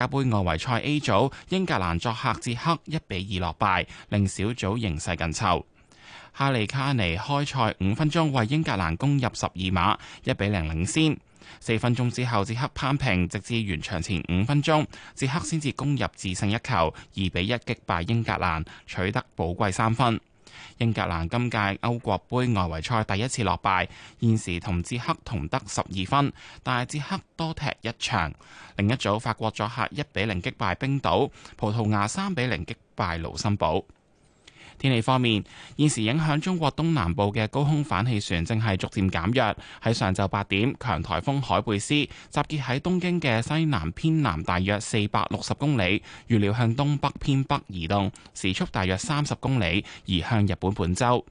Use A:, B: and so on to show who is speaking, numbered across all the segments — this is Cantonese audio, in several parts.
A: 世界杯外圍賽 A 組，英格蘭作客捷克一比二落敗，令小組形勢緊湊。哈利卡尼開賽五分鐘為英格蘭攻入十二碼，一比零領先。四分鐘之後，捷克扳平，直至完場前五分鐘，捷克先至攻入致勝一球，二比一擊敗英格蘭，取得寶貴三分。英格蘭今屆歐國盃外圍賽第一次落敗，現時同捷克同得十二分，但係捷克多踢一場。另一組法國作客一比零擊敗冰島，葡萄牙三比零擊敗盧森堡。天氣方面，現時影響中國東南部嘅高空反氣旋正係逐漸減弱。喺上晝八點，強颱風海貝思集結喺東京嘅西南偏南大約四百六十公里，預料向東北偏北移動，時速大約三十公里，移向日本本州。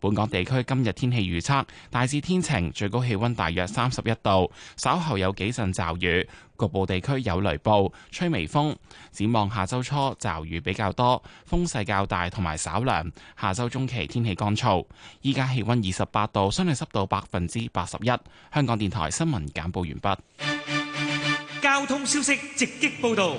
A: 本港地區今日天氣預測，大致天晴，最高氣溫大約三十一度，稍後有幾陣驟雨，局部地區有雷暴，吹微風。展望下周初驟雨比較多，風勢較大同埋稍涼。下周中期天氣乾燥。依家氣溫二十八度，相對濕度百分之八十一。香港電台新聞簡報完畢。
B: 交通消息直擊報
A: 道。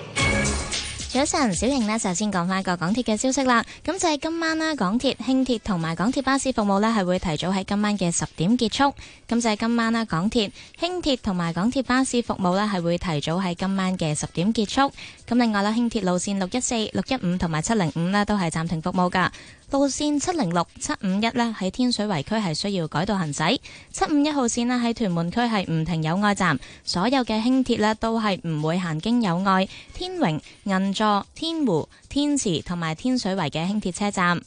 C: 早晨，小盈，呢就先講翻個港鐵嘅消息啦。咁就係今晚啦，港鐵輕鐵同埋港鐵巴士服務呢係會提早喺今晚嘅十點結束。咁就係今晚啦，港鐵輕鐵同埋港鐵巴士服務呢係會提早喺今晚嘅十點結束。咁另外啦，輕鐵路線六一四、六一五同埋七零五呢都係暫停服務噶。路線七零六七五一咧喺天水圍區係需要改道行駛，七五一號線咧喺屯門區係唔停友愛站，所有嘅輕鐵咧都係唔會行經友愛、天榮、銀座、天湖、天慈同埋天水圍嘅輕鐵車站。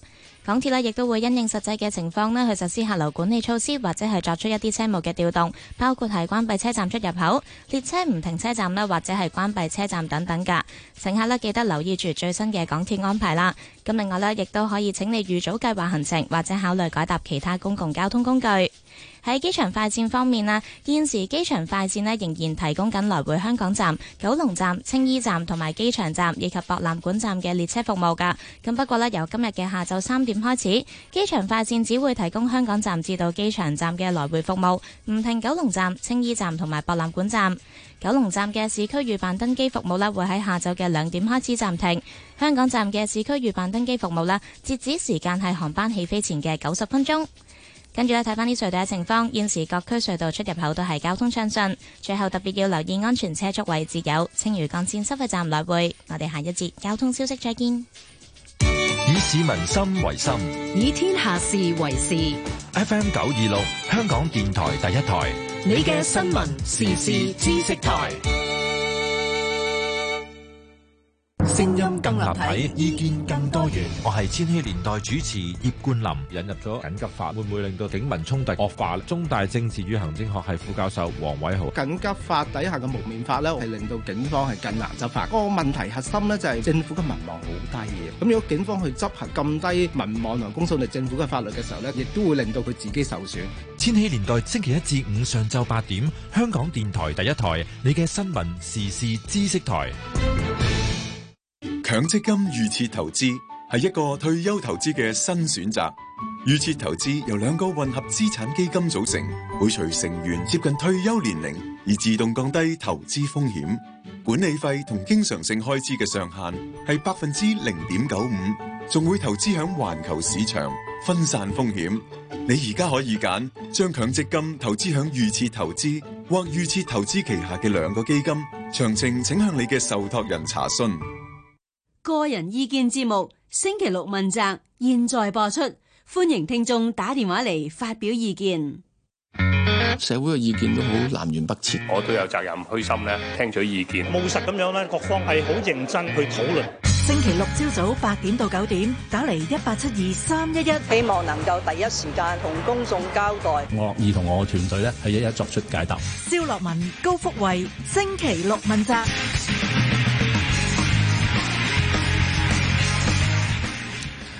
C: 港鐵咧，亦都會因應實際嘅情況咧，去實施客流管理措施，或者係作出一啲車務嘅調動，包括係關閉車站出入口、列車唔停車站啦，或者係關閉車站等等㗎。乘客咧，記得留意住最新嘅港鐵安排啦。咁另外呢，亦都可以請你預早計劃行程，或者考慮改搭其他公共交通工具。喺機場快線方面啊，現時機場快線咧仍然提供緊來回香港站、九龍站、青衣站同埋機場站以及博覽館站嘅列車服務嘅。咁不過咧，由今日嘅下晝三點開始，機場快線只會提供香港站至到機場站嘅來回服務，唔停九龍站、青衣站同埋博覽館站。九龍站嘅市區預辦登機服務咧會喺下晝嘅兩點開始暫停。香港站嘅市區預辦登機服務啦，截止時間係航班起飛前嘅九十分鐘。跟住咧，睇翻啲隧道嘅情況。現時各區隧道出入口都係交通暢順。最後特別要留意安全車速位置，有青嶼幹線收費站來回。我哋下一節交通消息再見。
A: 以市民心為心，
C: 以天下事為事。
B: F M 九二六，香港電台第一台，
D: 你嘅新聞時事知識台。
A: 聲音更立體，意見更多元。我係千禧年代主持葉冠霖，引入咗緊急法，會唔會令到警民衝突惡化咧？中大政治與行政學
B: 系副教授黃偉豪，緊急法底下嘅蒙面法呢，係令到警方係更難執法。個問題核心呢，就係、是、政府嘅民望好低嘅，咁如果警方去執行咁低民望同公信力政府嘅法律嘅時候呢，亦都會令到佢自己受損。
A: 千禧年代星期一至五
B: 上晝八點，香港電台第一台，你嘅新聞時事知識台。強積金預設投資係一個退休投資嘅新選擇。預設投資由兩個混合資產基金組成，會隨成員接近退休年齡而自動降低投資風險。管理費同經常性開支嘅上限係百分之零點九五，仲會投資響環球市場，分散風險。你而家可以揀將強積金投資響預設投資或預設投資旗下嘅兩個基金。詳情請向你嘅受託人查詢。
C: 個人意見節目星期六問責，現在播出，歡迎聽眾打電話嚟發表意見。
B: 社會嘅意見都好南轅北轍，我都有責任虛心呢，聽取意見，務實咁樣呢，各方係好認真去討論。
D: 星期六朝早八點到九點，打嚟一八七二三一一，希望能夠第一時間同公眾交代。
E: 我樂意同我嘅團隊咧，係一一
B: 作出解答。
D: 蕭洛汶、高福慧，星期六問責。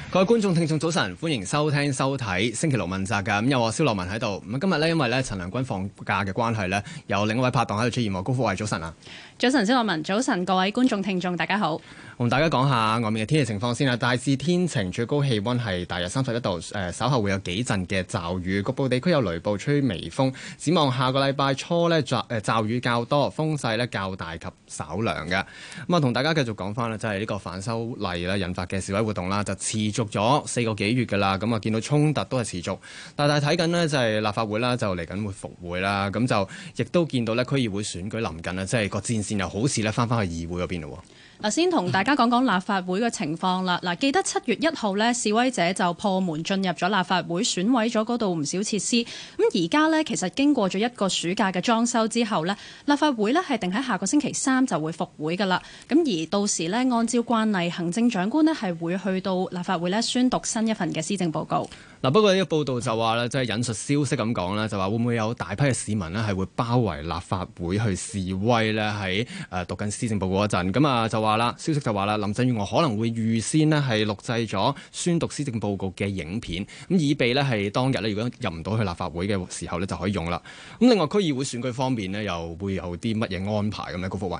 B: 各位觀眾聽眾早晨，歡迎收聽收睇星期六問責噶，咁有我蕭洛汶喺度。咁今日咧，因為咧陳良君放假嘅關係咧，有另一位拍檔喺度出現喎，高福慧早晨啊！
D: 早晨，蕭洛汶，早晨，各位觀眾聽眾，大家好。
B: 同大家講下外面嘅天氣情況先啦，大致天晴，最高氣温係大約三十一度。誒，稍後會有幾陣嘅驟雨，局部地區有雷暴，吹微風。展望下個禮拜初呢，驟誒驟雨較多，風勢咧較大及稍涼嘅。咁啊，同大家繼續講翻啦，就係呢個反修例啦引發嘅示威活動啦，就持續咗四個幾月噶啦。咁啊，見到衝突都係持續。但係睇緊呢，就係立法會啦，就嚟緊會復會啦。咁就亦都見到呢區議會選舉臨近啦，即係個戰。先有好事咧，翻翻去議會嗰邊咯。
D: 嗱，先同大家講講立法會嘅情況啦。嗱，記得七月一號呢，示威者就破門進入咗立法會，損毀咗嗰度唔少設施。咁而家呢，其實經過咗一個暑假嘅裝修之後呢，立法會呢係定喺下個星期三就會復會噶啦。咁而到時呢，按照慣例，行政長官呢係會去到立法會呢，宣讀新一份嘅施政報告。
B: 嗱、啊，不過呢個報道就話咧，即、就、係、是、引述消息咁講咧，就話會唔會有大批嘅市民咧係會包圍立法會去示威呢，喺誒、呃、讀緊施政報告嗰陣，咁啊就話啦，消息就話啦，林鄭月娥可能會預先呢係錄製咗宣讀施政報告嘅影片，咁以備呢係當日呢，如果入唔到去立法會嘅時候呢，就可以用啦。咁另外區議會選舉方面呢，又會有啲乜嘢安排咁咧？高福慧。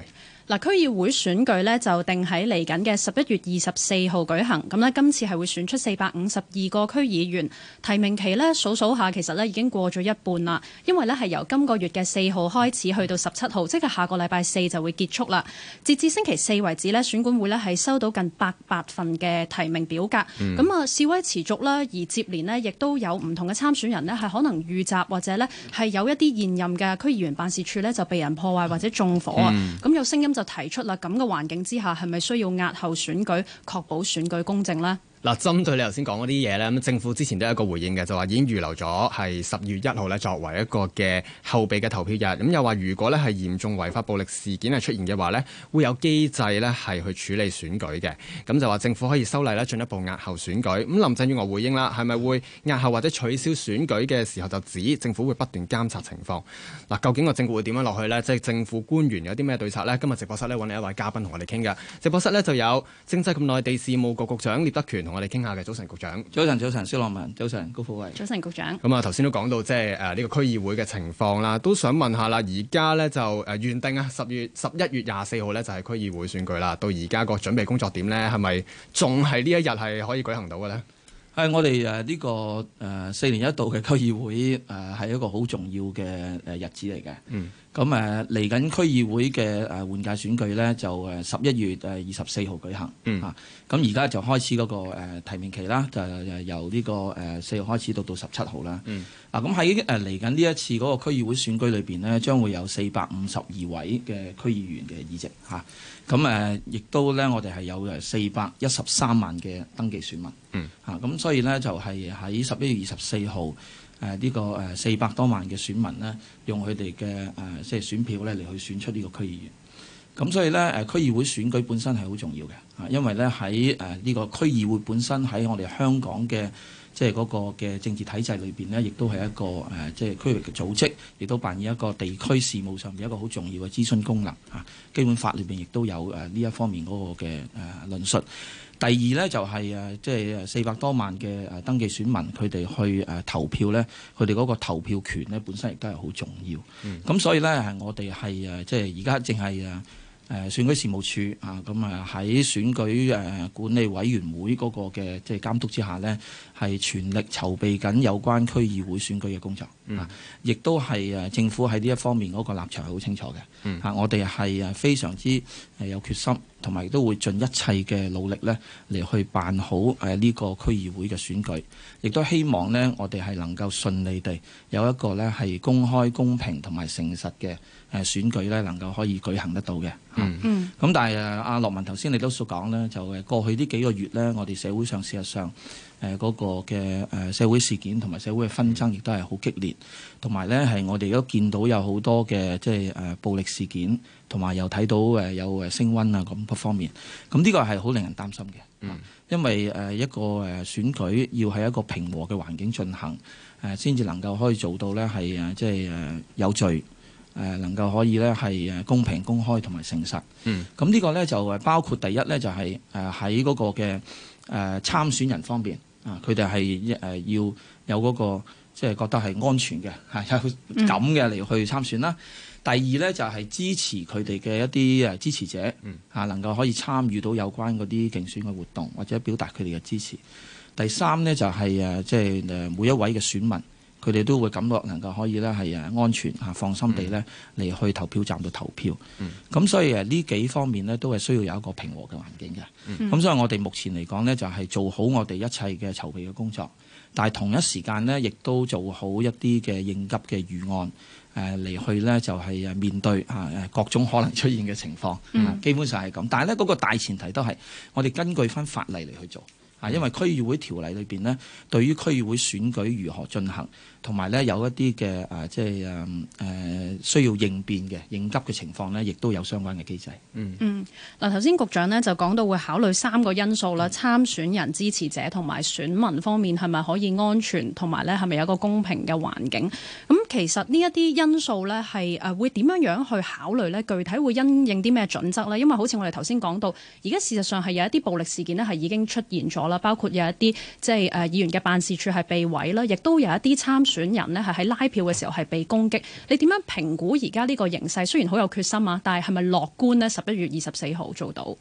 D: 嗱，區議會選舉咧就定喺嚟緊嘅十一月二十四號舉行，咁咧今次係會選出四百五十二個區議員。提名期咧數數下，其實咧已經過咗一半啦，因為咧係由今個月嘅四號開始去到十七號，即係下個禮拜四就會結束啦。截至星期四為止咧，選管會咧係收到近八百份嘅提名表格。咁啊、嗯，示威持續啦，而接連咧亦都有唔同嘅參選人咧係可能遇襲或者咧係有一啲現任嘅區議員辦事處咧就被人破壞或者縱火啊。咁有聲音，嗯就提出啦，咁嘅環境之下，係咪需要押後選舉，確保選舉公正呢？
B: 嗱，針對你頭先講嗰啲嘢咧，咁政府之前都有一個回應嘅，就話已經預留咗係十月一號咧作為一個嘅後備嘅投票日，咁又話如果咧係嚴重違法暴力事件係出現嘅話咧，會有機制咧係去處理選舉嘅，咁就話政府可以修例咧進一步押後選舉。咁林鄭月娥回應啦，係咪會押後或者取消選舉嘅時候就指政府會不斷監察情況。嗱，究竟個政府會點樣落去呢？即係政府官員有啲咩對策呢？今日直播室呢，揾你一位嘉賓同我哋傾嘅，直播室呢，就有政制及內地事務局局長聶德權同，我哋傾下嘅。早晨，局長早晨，早晨，蕭洛汶早晨，高福慧
D: 早晨，局長
B: 咁啊，頭先都講到即係誒呢個區議會嘅情況啦，都想問下啦，而家咧就誒、呃、原定啊十月十一月廿四號咧就係區議會選舉啦，到而家個準備工作點咧，係咪仲係呢一日係可以舉行到嘅咧？誒、啊，我哋誒呢個誒、呃、四年一度嘅區議會誒係、呃、一個好重要嘅誒、
E: 呃、日子嚟嘅。
F: 嗯、
E: 啊。咁誒嚟緊區議會嘅誒、呃、換屆選舉咧，就誒十一月誒二十四號舉行。嗯、啊。嚇。咁而家就開始嗰、那個、呃、提名期啦，就由呢、這個誒四號開始到到十七號啦。嗯。啊，咁喺誒嚟緊呢一次嗰個區議會選舉裏邊呢，將會有四百五十二位嘅區議員嘅議席嚇。啊。咁誒，亦都咧，我哋係有誒四百一十三萬嘅登記選民，嗯，吓咁，所以咧就係喺十一月二十四號，誒呢個誒四百多萬嘅選民咧，用佢哋嘅誒即係選票咧嚟去選出呢個區議員。咁所以咧誒區議會選舉本身係好重要嘅，啊，因為咧喺誒呢個區議會本身喺我哋香港嘅，即係嗰個嘅政治體制裏邊呢，亦都係一個誒，即、啊、係、就是、區域嘅組織，亦都扮演一個地區事務上面一個好重要嘅諮詢功能嚇、啊。基本法裏邊亦都有誒呢、啊、一方面嗰個嘅誒論述。第二呢，就係、是、誒，即、啊、係四百多萬嘅誒登記選民，佢哋去誒、啊、投票呢，佢哋嗰個投票權呢，本身亦都係好重要。咁、嗯、所以呢，我哋係誒即係而家淨係誒誒選舉事務處啊，咁啊喺選舉誒、啊、管理委員會嗰個嘅即係監督之下呢，係全力籌備緊有關區議會選舉嘅工作啊！亦都係誒政府喺呢一方面嗰個立場係好清楚嘅嚇、嗯啊。我哋係誒非常之誒有決心，同埋都會盡一切嘅努力咧嚟去辦好誒呢、啊呢個區議會嘅選舉。亦都希望呢，我哋係能夠順利地有一個呢係公開、公平同埋誠實嘅誒選舉呢能夠可以舉行得到嘅。嗯
F: 嗯。
E: 咁、嗯啊、但係誒，阿、啊、洛汶頭先你都所講呢，就誒過去呢幾個月呢，我哋社會上事實上，誒嗰個嘅誒社會事件同埋社會嘅紛爭亦都係好激烈，同埋咧係我哋都見到有好多嘅即係誒暴力事件，同埋又睇到誒有誒升溫啊咁各方面，咁呢個係好令人擔心嘅，因為誒一個誒選舉要喺一個平和嘅環境進行，誒先至能夠可以做到咧係誒即係誒有序，誒、呃、能夠可以咧係誒公平公開同埋誠實，咁、嗯、呢個咧就誒包括第一咧就係誒喺嗰個嘅誒、呃、參選人方面。啊！佢哋係誒要有嗰、嗰個即係覺得係安全嘅嚇、啊、有咁嘅嚟去參選啦、啊。第二咧就係、係、支持佢哋嘅一啲誒支持者嚇、啊、能夠可以參與到有關嗰啲競選嘅活動或者表達佢哋嘅支持。第三咧就係、係、誒、啊、即係誒每一位嘅選民。佢哋都會感覺能夠可以咧係啊安全啊放心地咧嚟去投票站度投票。咁、嗯、所以啊呢幾方面咧都係需要有一個平和嘅環境嘅。咁、嗯、所以我哋目前嚟講咧就係做好我哋一切嘅籌備嘅工作，但係同一時間咧亦都做好一啲嘅應急嘅預案，誒、呃、嚟去咧就係誒面對啊各種可能出現嘅情況。基本上係咁，但係咧嗰個大前提都係我哋根據翻法例嚟去做啊，因為區議會條例裏邊呢，對於區議會選舉如何進行。同埋咧，有一啲嘅誒，即係誒需要應變嘅應急嘅情況呢，亦都有相關嘅機制。
D: 嗯嗯，嗱頭先局長呢就講到會考慮三個因素啦，參選人支持者同埋選民方面係咪可以安全，同埋咧係咪有一個公平嘅環境？咁其實呢一啲因素呢，係誒會點樣樣去考慮呢？具體會因應啲咩準則呢？因為好似我哋頭先講到，而家事實上係有一啲暴力事件呢，係已經出現咗啦，包括有一啲即係誒議員嘅辦事處係被毀啦，亦都有一啲參選。選人呢係喺拉票嘅時候係被攻擊，你點樣評估而家呢個形勢？雖然好有決心啊，但係係咪樂觀呢？十一月二十四號做到？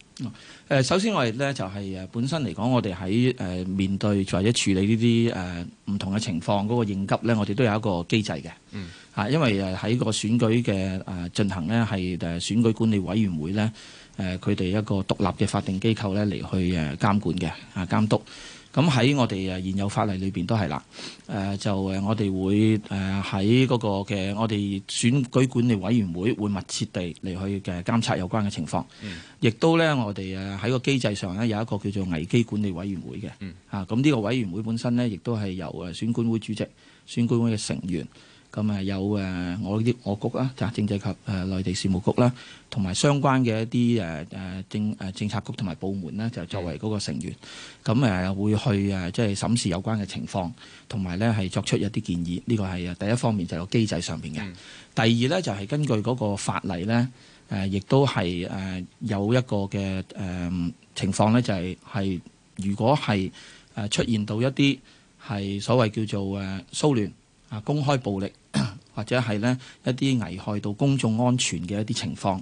E: 誒，首先我哋咧就係誒本身嚟講，我哋喺誒面對或者處理呢啲誒唔同嘅情況嗰個應急咧，我哋都有一個機制嘅。嗯、啊，因為誒喺個選舉嘅誒進行呢，係誒選舉管理委員會咧誒佢哋一個獨立嘅法定機構咧嚟去誒監管嘅啊監督。咁喺我哋誒現有法例裏邊都係啦，誒、呃、就誒我哋會誒喺嗰個嘅我哋選舉管理委員會會密切地嚟去嘅監察有關嘅情況，亦、嗯、都咧我哋誒喺個機制上咧有一個叫做危機管理委員會嘅，嗯、啊咁呢個委員會本身咧亦都係由誒選管會主席、選管會嘅成員。咁啊，有誒我啲我局啊，就政制及誒內地事務局啦，同埋相關嘅一啲誒誒政誒政策局同埋部門咧，就作為嗰個成員，咁誒會去誒即係審視有關嘅情況，同埋咧係作出一啲建議。呢個係第一方面就係個機制上邊嘅。第二咧就係根據嗰個法例咧，誒亦都係誒有一個嘅誒情況咧，就係係如果係誒出現到一啲係所謂叫做誒騷亂啊、公開暴力，或者係呢一啲危害到公眾安全嘅一啲情況，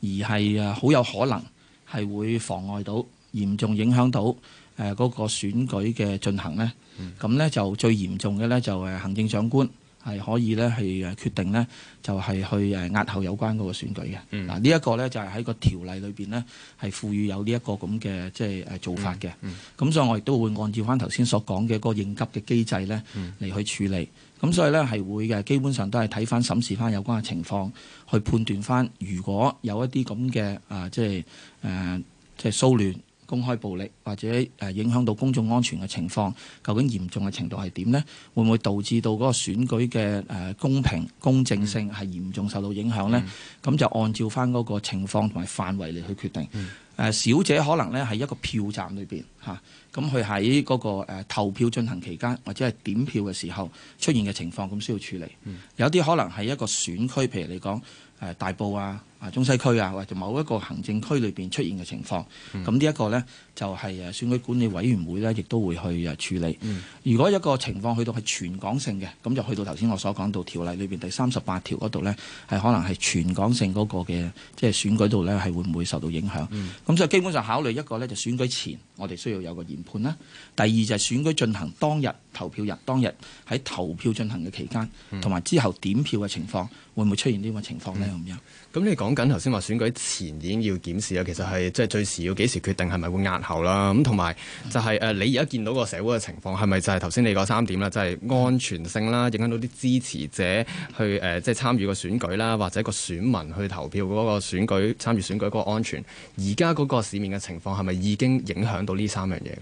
E: 而係誒好有可能係會妨礙到、嚴重影響到誒嗰、呃嗰個選舉嘅進行呢，咁呢就最嚴重嘅呢，就誒行政長官係可以呢係誒決定呢，就係去誒押後有關嗰個選舉嘅。嗱呢一個呢，就係喺個條例裏邊呢，係賦予有呢一個咁嘅即係誒做法嘅。咁、嗯嗯、所以我亦都會按照翻頭先所講嘅個應急嘅機制呢嚟去處理。嗯嗯咁所以咧係會嘅，基本上都係睇翻審視翻有關嘅情況，去判斷翻如果有一啲咁嘅啊，即係誒、呃，即係騷亂、公開暴力或者誒影響到公眾安全嘅情況，究竟嚴重嘅程度係點呢？會唔會導致到嗰個選舉嘅誒公平公正性係嚴重受到影響呢？咁、嗯、就按照翻嗰個情況同埋範圍嚟去決定。誒、嗯呃、小姐可能呢，係一個票站裏邊嚇。咁佢喺嗰個誒投票進行期間或者係點票嘅時候出現嘅情況，咁需要處理。嗯、有啲可能係一個選區，譬如你講誒大埔啊。中西區啊，或者某一個行政區裏邊出現嘅情況，咁呢一個呢，就係、是、誒選舉管理委員會呢，亦都會去誒處理。嗯、如果一個情況去到係全港性嘅，咁就去到頭先我所講到條例裏邊第三十八條嗰度呢，係可能係全港性嗰個嘅即係選舉度呢，係會唔會受到影響？咁就、嗯、基本上考慮一個呢，就是、選舉前我哋需要有個研判啦。第二就係選舉進行當日投票日當日喺投票進行嘅期間，同埋、嗯、之後點票嘅情況，會唔會出現呢個情況呢？咁、嗯、樣？
B: 咁你講緊頭先話選舉前已經要檢視啦，其實係即係最遲要幾時決定係咪會押後啦？咁同埋就係誒你而家見到個社會嘅情況，係咪就係頭先你講三點啦？即係安全性啦，影響到啲支持者去誒即係參與個選舉啦，或者個選民去投票嗰個選舉參與選舉嗰個安全。而家嗰個市面嘅情況係咪已經影響到呢三樣嘢咧？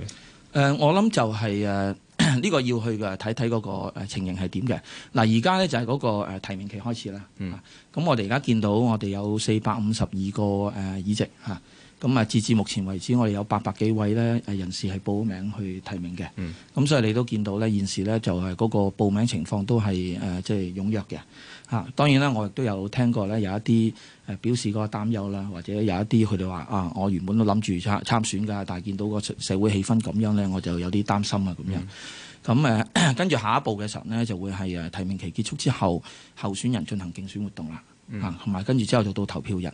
B: 誒，我諗就係誒。
E: 呢個要去嘅睇睇嗰個情形係點嘅。嗱，而家咧就係嗰個提名期開始啦。嗯，咁我哋而家見到我哋有四百五十二個誒議席嚇。咁啊！截至目前為止，我哋有八百幾位咧誒人士係報名去提名嘅。咁、嗯、所以你都見到咧，現時咧就係嗰個報名情況都係誒即係踴躍嘅。嚇、啊，當然啦，我亦都有聽過咧有一啲誒表示個擔憂啦，或者有一啲佢哋話啊，我原本都諗住參參選㗎，但係見到個社會氣氛咁樣咧，我就有啲擔心啊咁樣。咁誒、嗯，跟住、啊、下一步嘅時候呢，就會係誒提名期結束之後，候選人進行競選活動啦。同埋跟住之後就到投票日。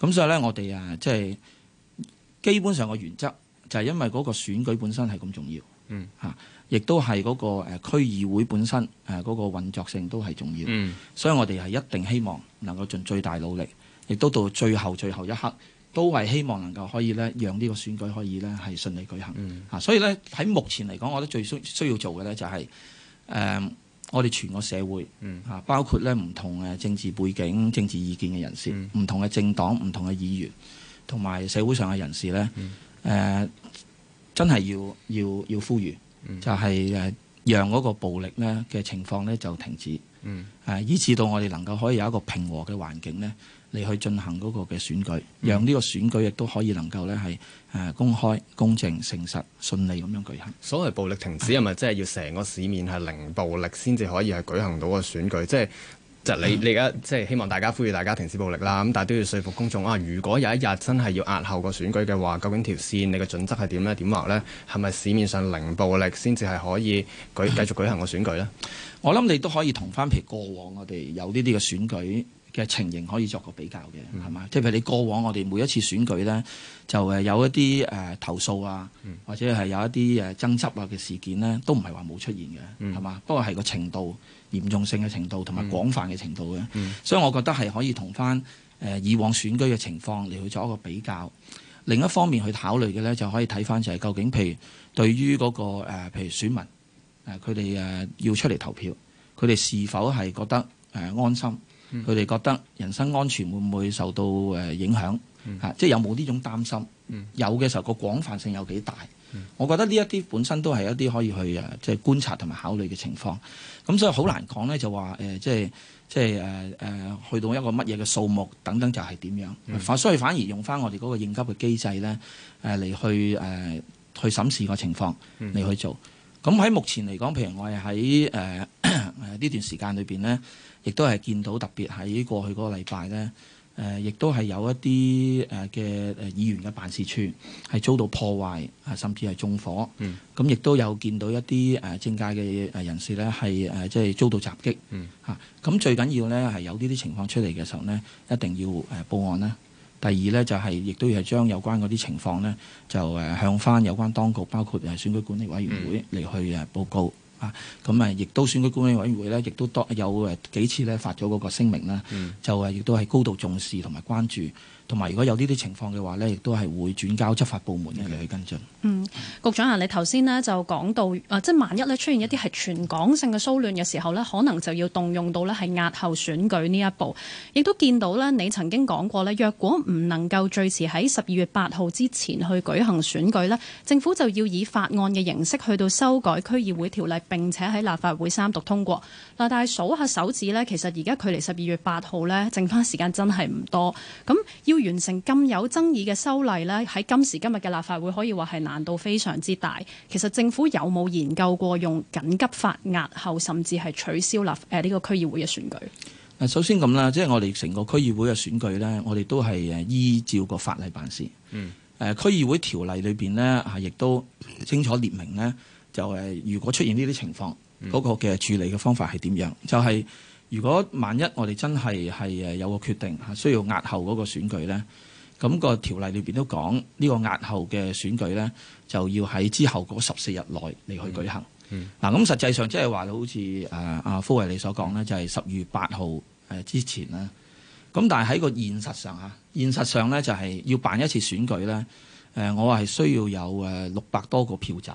E: 咁所以咧，我哋啊，即係。基本上個原則就係因為嗰個選舉本身係咁重要，嚇、嗯，亦都係嗰個誒區議會本身誒嗰個運作性都係重要，嗯、所以我哋係一定希望能夠盡最大努力，亦都到最後最後一刻都係希望能夠可以咧，讓呢個選舉可以咧係順利舉行，嚇、嗯啊。所以咧喺目前嚟講，我覺得最需需要做嘅咧就係、是、誒、呃、我哋全個社會嚇、啊，包括咧唔同嘅政治背景、政治意見嘅人士，嗯、唔同嘅政黨、唔同嘅議員。同埋社會上嘅人士呢，誒、嗯呃、真係要要要呼籲，嗯、就係誒讓嗰個暴力呢嘅情況呢就停止，誒、嗯、以至到我哋能夠可以有一個平和嘅環境呢，嚟去進行嗰個嘅選舉，嗯、讓呢個選舉亦都可以能夠
B: 呢係誒公開、公正、誠實、順利咁樣舉行。所謂暴力停止係咪即係要成個市面係零暴力先至可以係舉行到個選舉？即、就、係、是。就你你而家即係希望大家呼籲大家停止暴力啦，咁但係都要說服公眾啊。如果有一日真係要押後個選舉嘅話，究竟條線你嘅準則係點咧？點話咧？係咪市面上零暴力先至係可以舉繼續舉行個選舉咧？我諗你都可以同返譬如過往我哋有呢啲嘅選舉
E: 嘅情形可以作個比較嘅，係嘛、嗯？即係譬如你過往我哋每一次選舉咧，就誒有一啲誒、呃、投訴啊，嗯、或者係有一啲誒爭執啊嘅事件咧，都唔係話冇出現嘅，係嘛、嗯？不過係個程度。嚴重性嘅程度同埋廣泛嘅程度嘅，mm. 所以我覺得係可以同翻誒以往選舉嘅情況嚟去做一個比較。另一方面去考慮嘅呢，就可以睇翻就係究竟，譬如對於嗰個誒，譬如選民誒，佢哋誒要出嚟投票，佢哋是否係覺得誒安心？佢哋、mm. 覺得人身安全會唔會受到誒影響？嚇，mm. 即係有冇呢種擔心？Mm. 有嘅時候，個廣泛性有幾大？Mm. 我覺得呢一啲本身都係一啲可以去誒，即係觀察同埋考慮嘅情況。咁所以好難講咧，就話誒、呃，即係即係誒誒，去到一個乜嘢嘅數目等等，就係點樣？Mm hmm. 反所以反而用翻我哋嗰個應急嘅機制咧，誒、呃、嚟去誒、呃、去審視個情況嚟去做。咁喺、Mm hmm. 目前嚟講，譬如我哋喺誒呢段時間裏邊咧，亦都係見到特別喺過去嗰個禮拜咧。誒，亦、呃、都係有一啲誒嘅誒議員嘅辦事處係遭到破壞啊，甚至係縱火。咁亦、嗯、都有見到一啲誒、呃、政界嘅人士咧，係誒即係遭到襲擊嚇。咁、嗯啊、最緊要咧係有呢啲情況出嚟嘅時候咧，一定要誒報案啦。第二咧就係、是、亦都要係將有關嗰啲情況咧就誒向返有關當局，包括誒選舉管理委員會嚟去誒報告。嗯嗯啊，咁啊，亦都選舉管理委員會咧，亦都多有誒幾次咧發咗嗰個聲明啦，嗯、就係亦都係高度重視同埋關注。同埋，如果有呢啲情況嘅話呢亦都係會轉交執法部門嚟 Okay. 去跟進。嗯，
D: 局長啊，你頭先呢就講到，啊、呃，即係萬一呢出現一啲係全港性嘅騷亂嘅時候呢，可能就要動用到呢係押後選舉呢一步。亦都見到呢，你曾經講過呢，若果唔能夠最遲喺十二月八號之前去舉行選舉呢，政府就要以法案嘅形式去到修改區議會條例，並且喺立法會三讀通過。嗱，但係數下手指呢，其實而家距離十二月八號呢，剩翻時間真係唔多。咁要要完成咁有爭議嘅修例咧，喺今時今日嘅立法會可以話係難度非常之大。其實政府有冇研究過用緊急法押後甚至係取消立誒呢個區議會嘅選舉？
E: 嗱，首先咁啦，即係我哋成個區議會嘅選舉咧，我哋都係誒依照個法例辦事。嗯。誒區議會條例裏邊呢，啊亦都清楚列明呢，就係如果出現呢啲情況，嗰個嘅處理嘅方法係點樣，就係。如果萬一我哋真係係誒有個決定嚇，需要押後嗰個選舉咧，咁、那個條例裏邊都講呢、這個押後嘅選舉咧，就要喺之後嗰十四日內嚟去舉行。嗱、嗯、咁、嗯、實際上即係話好似誒阿福慧你所講咧，就係、是、十月八號誒之前啦。咁但係喺個現實上嚇，現實上咧就係要辦一次選舉咧，誒、呃、我係需要有誒六百多個票站，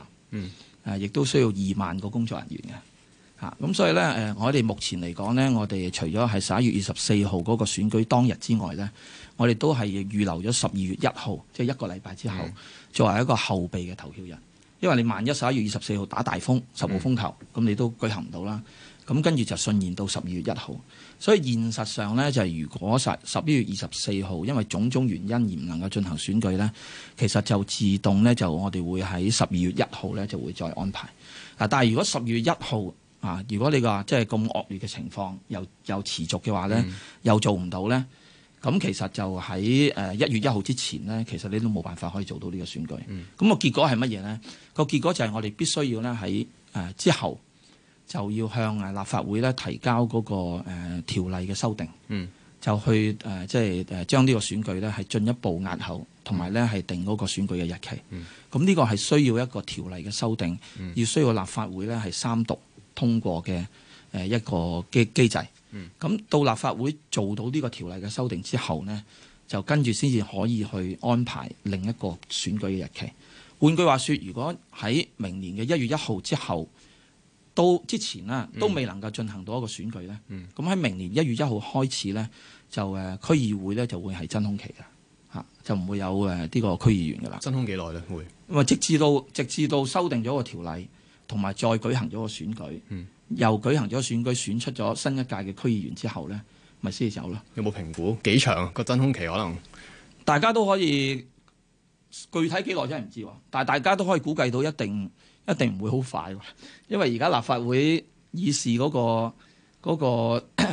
E: 誒亦都需要二萬個工作人員嘅。嚇，咁、嗯、所以呢，誒，我哋目前嚟講呢，我哋除咗係十一月二十四號嗰個選舉當日之外呢，我哋都係預留咗十二月一號，即、就、係、是、一個禮拜之後，作為一個後備嘅投票人。因為你萬一十一月二十四號打大風，十號風球，咁、嗯、你都舉行唔到啦。咁跟住就順延到十二月一號。所以現實上呢，就係、是、如果十十一月二十四號因為種種原因而唔能夠進行選舉呢，其實就自動呢，就我哋會喺十二月一號呢就會再安排。啊，但係如果十二月一號啊！如果你話即係咁惡劣嘅情況，又又持續嘅話咧，嗯、又做唔到咧，咁其實就喺誒一月一號之前咧，其實你都冇辦法可以做到呢個選舉。咁、嗯、個結果係乜嘢咧？個結果就係我哋必須要咧喺誒之後就要向立法會咧提交嗰、嗰個誒、呃、條例嘅修訂、嗯呃，就去誒即係誒將呢個選舉咧係進一步押後，同埋咧係定嗰個選舉嘅日期。咁呢、嗯嗯、個係需要一個條例嘅修訂，要需要立法會咧係三讀。通過嘅誒一個機機制，咁、嗯、到立法會做到呢個條例嘅修訂之後呢，就跟住先至可以去安排另一個選舉嘅日期。換句話說，如果喺明年嘅一月一號之後，到之前啦，都未能夠進行到一個選舉呢。咁喺、嗯、明年一月一號開始呢，就誒區議會呢就會係真空期嘅嚇，就唔會有誒呢個區議員噶啦。真空幾耐呢？會，咁啊，直至到直至到修訂咗個條例。同埋再舉行咗個選舉，嗯、又舉行咗選舉，選出咗新一屆嘅區議員之後咧，咪先走咯。有冇評估幾長個真空期？可能大家都可以具體幾耐真係唔知喎，但係大家都可以估計到一定一定唔會好快，因為而家立法會議事嗰個嗰個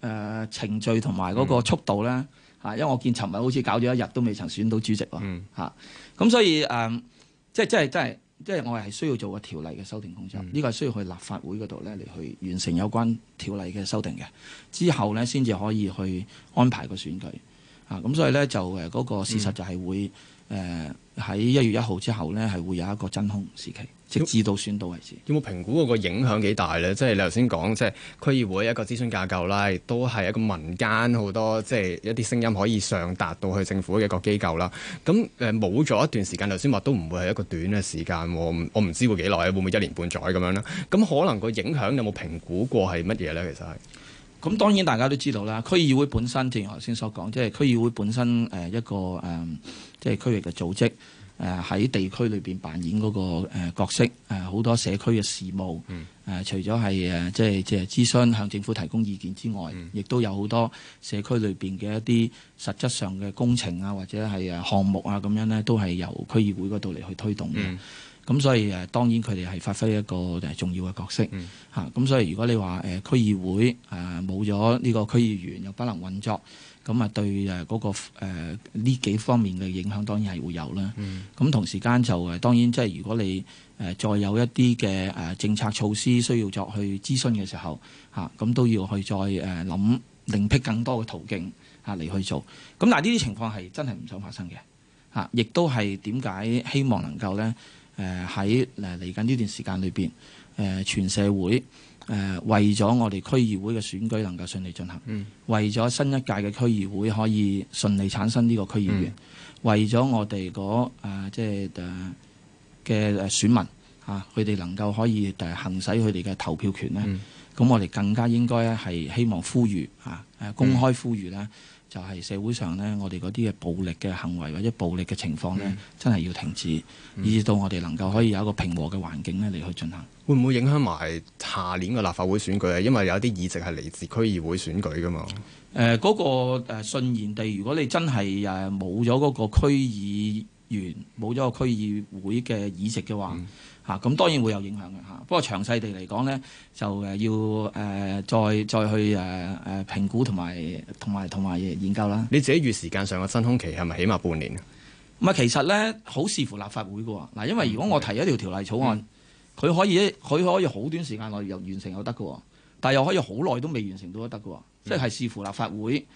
E: 呃、程序同埋嗰個速度咧嚇，嗯、因為我見尋日好似搞咗一日都未曾選到主席喎，咁，嗯啊、所以誒、呃，即係即係即係。即即即即即即係我係需要做個條例嘅修訂工作，呢個係需要去立法會嗰度呢嚟去完成有關條例嘅修訂嘅，之後呢，先至可以去安排個選舉，啊咁所以呢，嗯、就誒嗰、嗰個事實就係會誒。嗯呃
B: 喺一月一號之後呢，係會有一個真空時期，直至到選到為止。有冇評估過嗰個影響幾大呢？即係你頭先講，即係區議會一個諮詢架構啦，都係一個民間好多即係一啲聲音可以上達到去政府嘅一個機構啦。咁誒，冇咗一段時間，頭先話都唔會係一個短嘅時間，我我唔知會幾耐，會唔會一年半載咁樣呢？咁可能個影響有冇評估過係乜嘢呢？其實係咁，當然大家都知道啦。區
E: 議會本身，正如頭先所講，即係區議會本身誒，一個誒。即係區域嘅組織，誒、呃、喺地區裏邊扮演嗰、嗰個角色，誒好多社區嘅事務，誒、嗯呃、除咗係誒即係即係諮詢向政府提供意見之外，亦、嗯、都有好多社區裏邊嘅一啲實質上嘅工程啊，或者係誒項目啊咁樣咧，都係由區議會嗰度嚟去推動嘅。咁、嗯、所以誒，當然佢哋係發揮一個誒重要嘅角色嚇。咁、嗯啊、所以如果你話誒、呃、區議會誒冇咗呢個區議員又不能運作。咁啊，那對誒、那、嗰個呢、呃、幾方面嘅影響，當然係會有啦。咁、嗯、同時間就誒，當然即係如果你誒再有一啲嘅誒政策措施需要作去諮詢嘅時候，嚇、啊、咁都要去再誒諗另闢更多嘅途徑嚇嚟、啊、去做。咁、啊、但係呢啲情況係真係唔想發生嘅。嚇、啊，亦都係點解希望能夠咧誒喺誒嚟緊呢、啊、段時間裏邊誒全社會誒、呃、為咗我哋區議會嘅選舉能夠順利進行，嗯、為咗新一屆嘅區議會可以順利產生呢個區議員，嗯、為咗我哋嗰誒即係嘅選民嚇，佢、啊、哋能夠可以誒行使佢哋嘅投票權咧，咁、嗯、我哋更加應該咧係希望呼籲嚇、啊，公開呼籲咧。嗯啊就係社會上呢，我哋嗰啲嘅暴力嘅行為或者暴力嘅情況呢，真係要停止，嗯、以至到我哋能夠可以有一個平和嘅環境呢嚟去進行。
B: 會唔會影響埋下年嘅立法會選舉啊？因為有啲議席係嚟自區議會選舉㗎嘛。誒、呃，嗰、
E: 嗰個誒信言地，如果你真係誒冇咗嗰個區議員，冇咗個區議會嘅議席嘅話。嗯嚇，咁當然會有影響嘅嚇。不過詳細地嚟講咧，就誒要誒、呃、再再去誒誒、呃呃、評估同埋
B: 同埋同埋研究啦。你自己預時間上嘅真空期係咪起碼半年？
E: 唔係其實咧，好視乎立法會嘅喎。嗱，因為如果我提一條條例草案，佢、嗯、可以佢可以好短時間內又完成又得嘅喎，但係又可以好耐都未完成都得嘅喎，即係視乎立法
B: 會。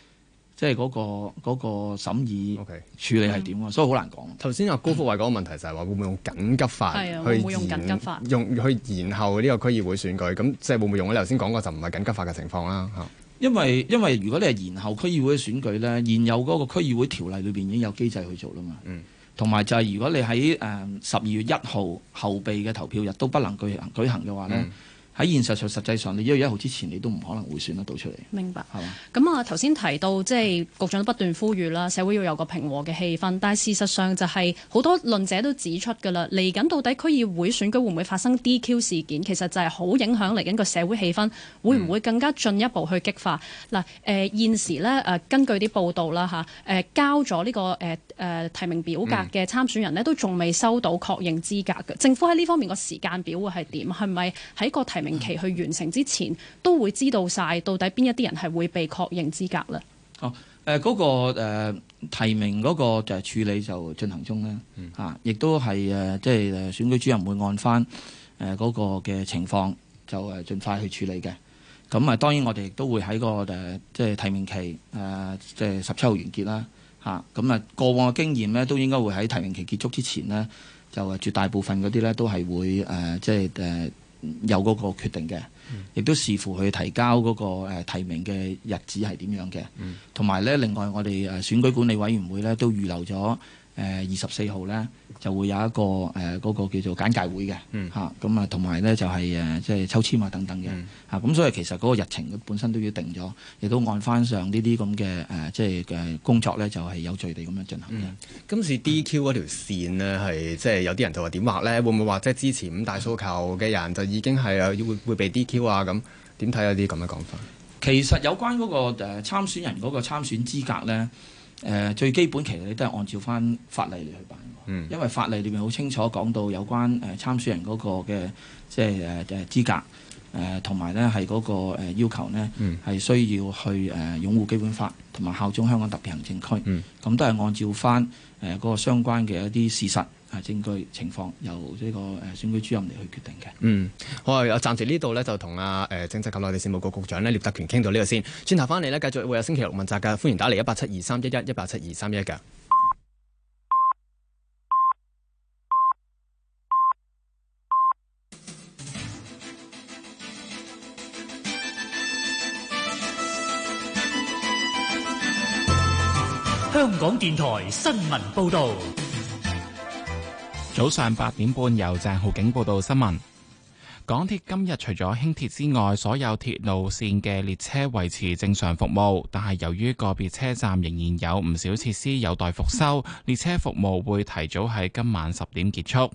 B: 即係嗰、那個嗰、那個審議處理係點啊？Okay. 所以好難講。頭先阿高福慧嗰個問題就係話會唔會用緊急法去延用，用？去延後呢個區議會選舉，咁即係會唔會用？你頭先講過就唔係緊急法嘅情況啦嚇。因
E: 為因為如果你係延後區議會嘅選舉咧，現有嗰個區議會條例裏邊已經有機制去做啦嘛嗯。嗯。同埋就係如果你喺誒十二月一號後備嘅投票日都不能舉行舉行嘅話咧。嗯喺現實上，實際上，你一月一號之前，你都唔可能會選得到出嚟。明白，係嘛
D: 吧？咁啊，頭先提到即係局長不斷呼籲啦，社會要有個平和嘅氣氛。但係事實上就係、是、好多論者都指出㗎啦，嚟緊到底區議會選舉會唔會發生 DQ 事件，其實就係好影響嚟緊個社會氣氛，會唔會更加進一步去激化？嗱、嗯，誒現時咧誒根據啲報道啦嚇，誒交咗呢、這個誒。誒提名表格嘅參選人呢都仲未收到確認資格嘅，政府喺呢方面個時間表會係點？係咪喺個提名期去完成之前都會知道晒到底邊一啲人係會被確認資格咧？
E: 哦，誒嗰個提名嗰個就係處理就進行中啦，嚇！亦都係誒即係誒選舉主任會按返誒嗰個嘅情況就誒盡快去處理嘅。咁啊，當然我哋亦都會喺個誒即係提名期誒即係十七號完結啦。啊，咁啊，過往嘅經驗咧，都應該會喺提名期結束之前咧，就係絕大部分嗰啲咧，都係會誒，即係誒、呃、有嗰個決定嘅，亦、嗯、都視乎佢提交嗰、嗰個、呃、提名嘅日子係點樣嘅，同埋咧，另外我哋誒選舉管理委員會咧，都預留咗。誒二十四號咧就會有一個誒嗰、呃那個叫做簡介會嘅嚇，咁、嗯、啊同埋咧就係誒即係抽籤啊等等嘅嚇，咁、嗯啊、所以其實嗰個日程本身都要定咗，亦都按翻上呢
B: 啲咁嘅誒即係嘅工作咧就係、是、有序地咁樣進行嘅、嗯。今次 DQ 嗰條線咧係即係有啲人就話點畫咧，會唔會話即係支持五大訴求嘅人就已經係啊會會被 DQ 啊咁？點睇有啲咁嘅講法？
E: 其實有關嗰個誒參選人嗰個參選資格咧。誒、呃、最基本其實你都係按照翻法例嚟去辦，嗯、因為法例裏面好清楚講到有關誒、呃、參選人嗰個嘅即係誒誒資格，誒同埋咧係嗰個、呃、要求呢係、嗯、需要去誒、呃、擁護基本法同埋效忠香港特別行政區，咁、嗯、都係按照翻。誒嗰、呃那個相關嘅一啲事實係，啊、證據情況，由呢、這個誒、呃、選舉主任嚟去決定嘅。
B: 嗯，好啊，暫時呢度呢，就同阿誒政制及內地事務局局、局長呢，聶德權傾到呢度先。轉頭翻嚟呢，繼續會有星期六問責嘅，歡迎打嚟一八七二三一一一八七二三一嘅。
A: 香港電台新聞報道，早上八點半由鄭浩景報道新聞。港鐵今日除咗輕鐵之外，所有鐵路綫嘅列車維持正常服務，但係由於個別車站仍然有唔少設施有待復修， 列車服務會提早喺今晚十點結束。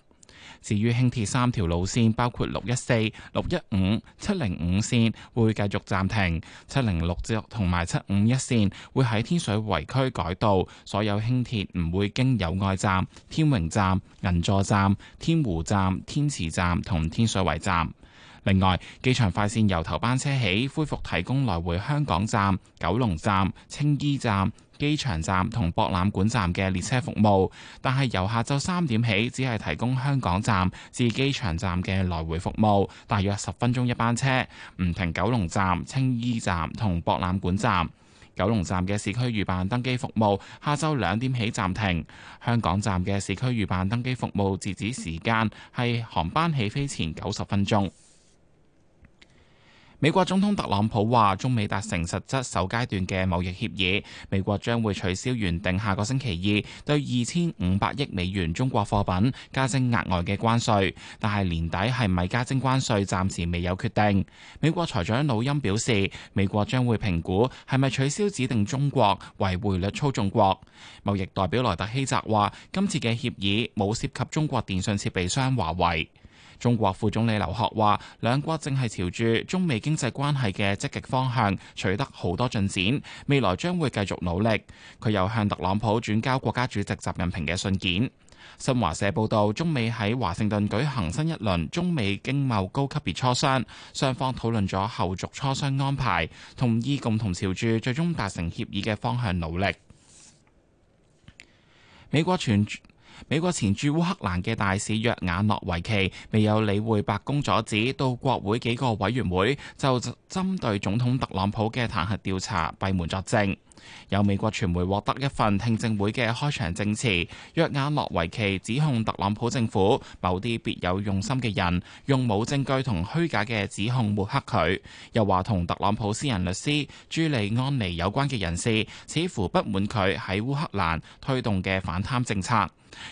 A: 至於輕鐵三條路線，包括六一四、六一五、七零五線，會繼續暫停；七零六六同埋七五一線，會喺天水圍區改道，所有輕鐵唔會經友愛站、天榮站、銀座站、天湖站、天慈站同天水圍站。另外，機場快線由頭班車起恢復提供來回香港站、九龍站、青衣站、機場站同博覽館站嘅列車服務，但係由下晝三點起只係提供香港站至機場站嘅來回服務，大約十分鐘一班車，唔停九龍站、青衣站同博覽館站。九龍站嘅市區預辦登機服務下晝兩點起暫停，香港站嘅市區預辦登機服務截止時間係航班起飛前九十分鐘。美國總統特朗普話：中美達成實質首階段嘅貿易協議，美國將會取消原定下個星期二對二千五百億美元中國貨品加徵額外嘅關稅，但係年底係咪加徵關稅暫時未有決定。美國財長魯欽表示，美國將會評估係咪取消指定中國為匯率操縱國。貿易代表萊特希澤話：今次嘅協議冇涉及中國電信設備商華為。中國副總理劉鶴話，兩國正係朝住中美經濟關係嘅積極方向取得好多進展，未來將會繼續努力。佢又向特朗普轉交國家主席習近平嘅信件。新華社報道，中美喺華盛頓舉行新一輪中美經貿高級別磋商，雙方討論咗後續磋商安排，同意共同朝住最終達成協議嘅方向努力。美國全。美國前駐烏克蘭嘅大使約瓦諾維奇未有理會白宮阻止，到國會幾個委員會，就針對總統特朗普嘅彈劾調查閉門作證。有美國傳媒獲得一份聽證會嘅開場證詞，約亞諾維奇指控特朗普政府某啲別有用心嘅人用冇證據同虛假嘅指控抹黑佢，又話同特朗普私人律師朱利安尼有關嘅人士似乎不滿佢喺烏克蘭推動嘅反貪政策。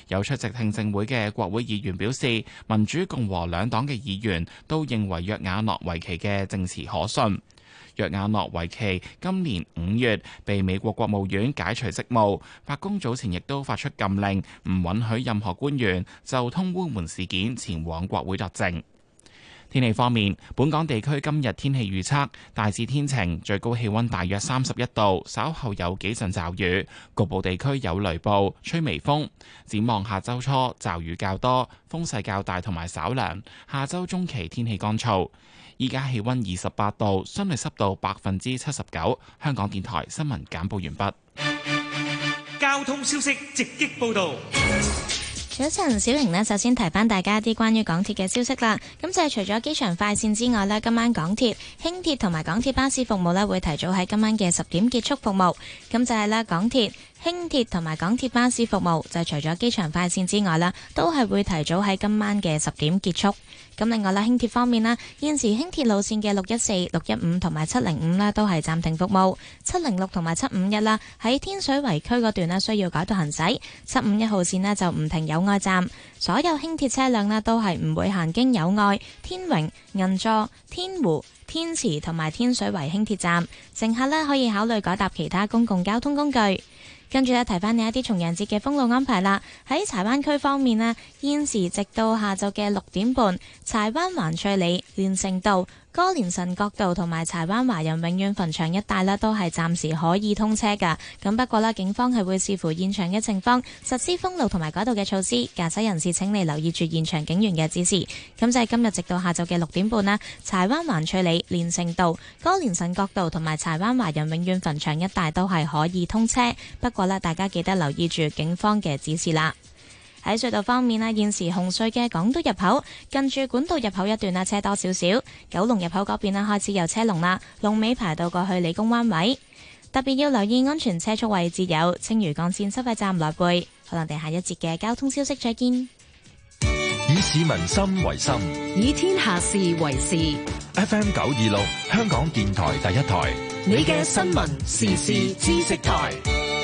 A: 有出席聽證會嘅國會議員表示，民主共和兩黨嘅議員都認為約亞諾維奇嘅證詞可信。約亞諾維奇今年五月被美國國務院解除職務，白宮早前亦都發出禁令，唔允許任何官員就通烏門事件前往國會作證。天氣方面，本港地區今日天氣預測大致天晴，最高氣溫大約三十一度，稍後有幾陣驟雨，局部地區有雷暴，吹微風。展望下周初驟雨較多，風勢較大同埋稍涼，下周中期天氣乾燥。依家氣溫二十八度，相對濕度百分之七十九。香港電台新聞簡報完畢。交通消息直擊報道。
C: 早晨，小瑩呢，首先提翻大家一啲關於港鐵嘅消息啦。咁就係除咗機場快線之外呢，今晚港鐵、輕鐵同埋港鐵巴士服務呢，會提早喺今晚嘅十點結束服務。咁就係啦，港鐵。輕鐵同埋港鐵巴士服務就除咗機場快線之外啦，都係會提早喺今晚嘅十點結束。咁另外啦，輕鐵方面啦，現時輕鐵路線嘅六一四、六一五同埋七零五啦，都係暫停服務；七零六同埋七五一啦，喺天水圍區嗰段啦，需要改道行駛。七五一號線呢，就唔停友愛站，所有輕鐵車輛咧都係唔會行經友愛、天榮、銀座、天湖、天池同埋天水圍輕鐵站，乘客呢，可以考慮改搭其他公共交通工具。跟住咧，提翻你一啲重陽節嘅封路安排啦。喺柴灣區方面咧，現時直到下晝嘅六點半，柴灣環翠里、連城道、歌連臣角道同埋柴灣華人永遠墳場一帶咧，都係暫時可以通車嘅。咁不過咧，警方係會視乎現場嘅情況實施封路同埋改道嘅措施。駕駛人士請你留意住現場警員嘅指示。咁就係今日直到下晝嘅六點半啦。柴灣環翠里、連城道、歌連臣角道同埋柴灣華人永遠墳場一帶都係可以通車，不過咧，大家記得留意住警方嘅指示啦。喺隧道方面啊，現時紅隧嘅港島入口近住管道入口一段啦，車多少少；九龍入口嗰邊呢，開始有車龍啦，龍尾排到過去理工灣位。特別要留意安全車速位置有青嶼幹線收費站內背。可能地下一節嘅交通消息再見。
A: 以市民心為心，
C: 以天下事為事。
B: F M 九二六，香港電台第一台，
C: 你嘅新聞時事
B: 知識台。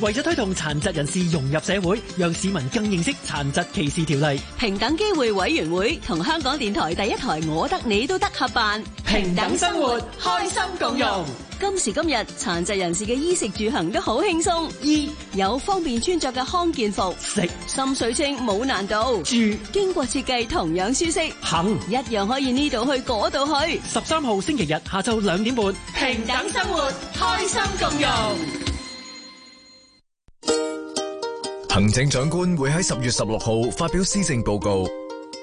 B: 為咗推動殘疾人士融入社會，讓市民更認識殘疾歧視條例，
D: 平等機會委員會同香港電台第一台我得你都得合辦平等生活開心共用。今時今日，殘疾人士嘅衣食住行都好輕鬆。衣、有方便穿着嘅康健服，食心水清冇難度，住經過設計同樣舒適，行一樣可以呢度去嗰度去。十三號星期日下晝兩點半，平等生活開心共用。
B: 行政長官會喺十月十六號發表施政報告，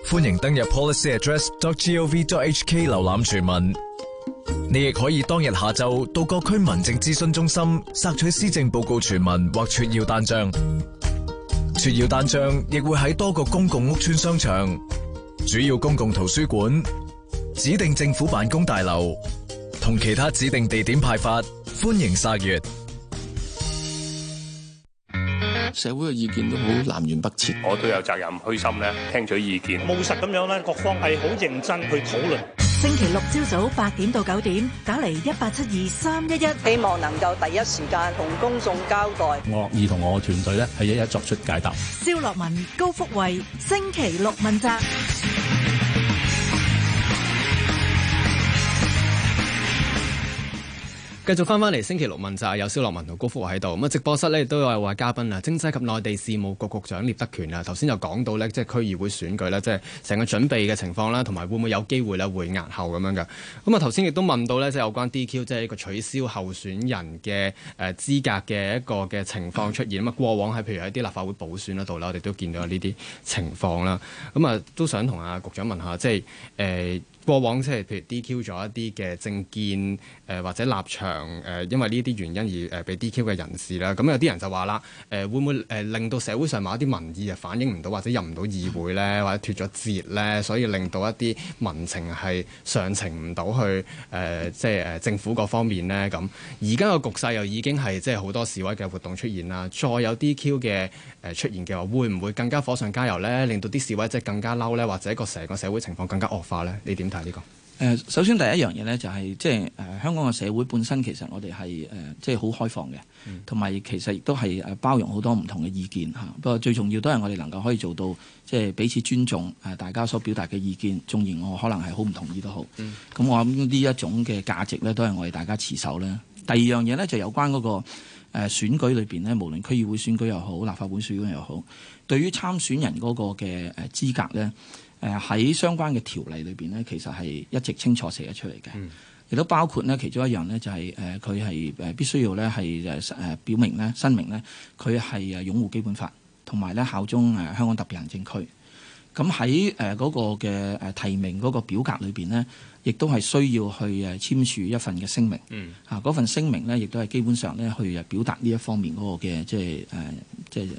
B: 歡迎登入 policyaddress.gov.hk 瀏覽全文。你亦可以當日下晝到各區民政諮詢中心索取施政報告全文或撮要單張。撮要單張亦會喺多個公共屋邨、商場、主要公共圖書館、指定政府辦公大樓同其他指定地點派發，歡迎索閱。社會嘅意見都好南轅北轍，我都有責任虛心咧聽取意見，務實咁樣咧各方係好認真去討論。
D: 星期六朝早八點到九點，打嚟一八七二三一一，希望能夠第一時間同公眾交代，
E: 我樂意同我嘅
A: 團隊咧係一一作出解答。
D: 蕭洛汶、高福慧，星期六問責。
B: 繼續翻翻嚟星期六問責，就是、有蕭洛汶同高福慧喺度。咁啊，直播室呢，亦都有話嘉賓啊，政制及內地事務局局，局長聶德權啊，頭先就講到呢，即係區議會選舉呢，即係成個準備嘅情況啦，同埋會唔會有機會呢會押後咁樣嘅。咁啊，頭先亦都問到呢，即係有關 DQ，即係一個取消候選人嘅誒資格嘅一個嘅情況出現。咁啊，過往喺譬如喺啲立法會補選嗰度啦，我哋都見到呢啲情況啦。咁啊，都想同啊局長問下，即係誒。欸過往即係譬如 DQ 咗一啲嘅政見誒、呃、或者立場誒、呃，因為呢啲原因而誒被 DQ 嘅人士啦，咁有啲人就話啦誒會唔會誒、呃、令到社會上某一啲民意啊反映唔到，或者入唔到議會呢？或者脫咗節呢？所以令到一啲民情係上呈唔到去誒即係政府各方面呢。咁。而家個局勢又已經係即係好多示威嘅活動出現啦，再有 DQ 嘅誒出現嘅話，會唔會更加火上加油呢？令到啲示威即係更加嬲呢？或者個成個社會情況更加惡化呢？你點睇？呢個。誒，首先第一樣嘢咧，就係即係誒、呃、香港
E: 嘅社會本身，其實我哋係誒即係好開放嘅，同埋、嗯、其實亦都係誒包容好多唔同嘅意見嚇。不過、嗯、最重要都係我哋能夠可以做到即係彼此尊重，誒大家所表達嘅意見，縱然我可能係好唔同意都好。咁、嗯、我諗呢一種嘅價值咧，都係我哋大家持守咧。第二樣嘢咧，就有關嗰個誒選舉裏邊咧，無論區議會選舉又好，立法會選舉又好，對於參選人嗰個嘅誒資格咧。誒喺相關嘅條例裏邊咧，其實係一直清楚寫咗出嚟嘅，亦、嗯、都包括咧其中一樣咧、就係，就係誒佢係誒必須要咧係誒表明咧聲明咧，佢係誒擁護基本法，同埋咧效忠誒香港特別行政區。咁喺誒嗰個嘅誒提名嗰、嗰個表格裏邊咧，亦都係需要去誒簽署一份嘅聲明。嗯。嗰、啊、份聲明咧，亦都係基本上咧去誒表達呢一方面嗰個嘅即係誒、呃、即係誒誒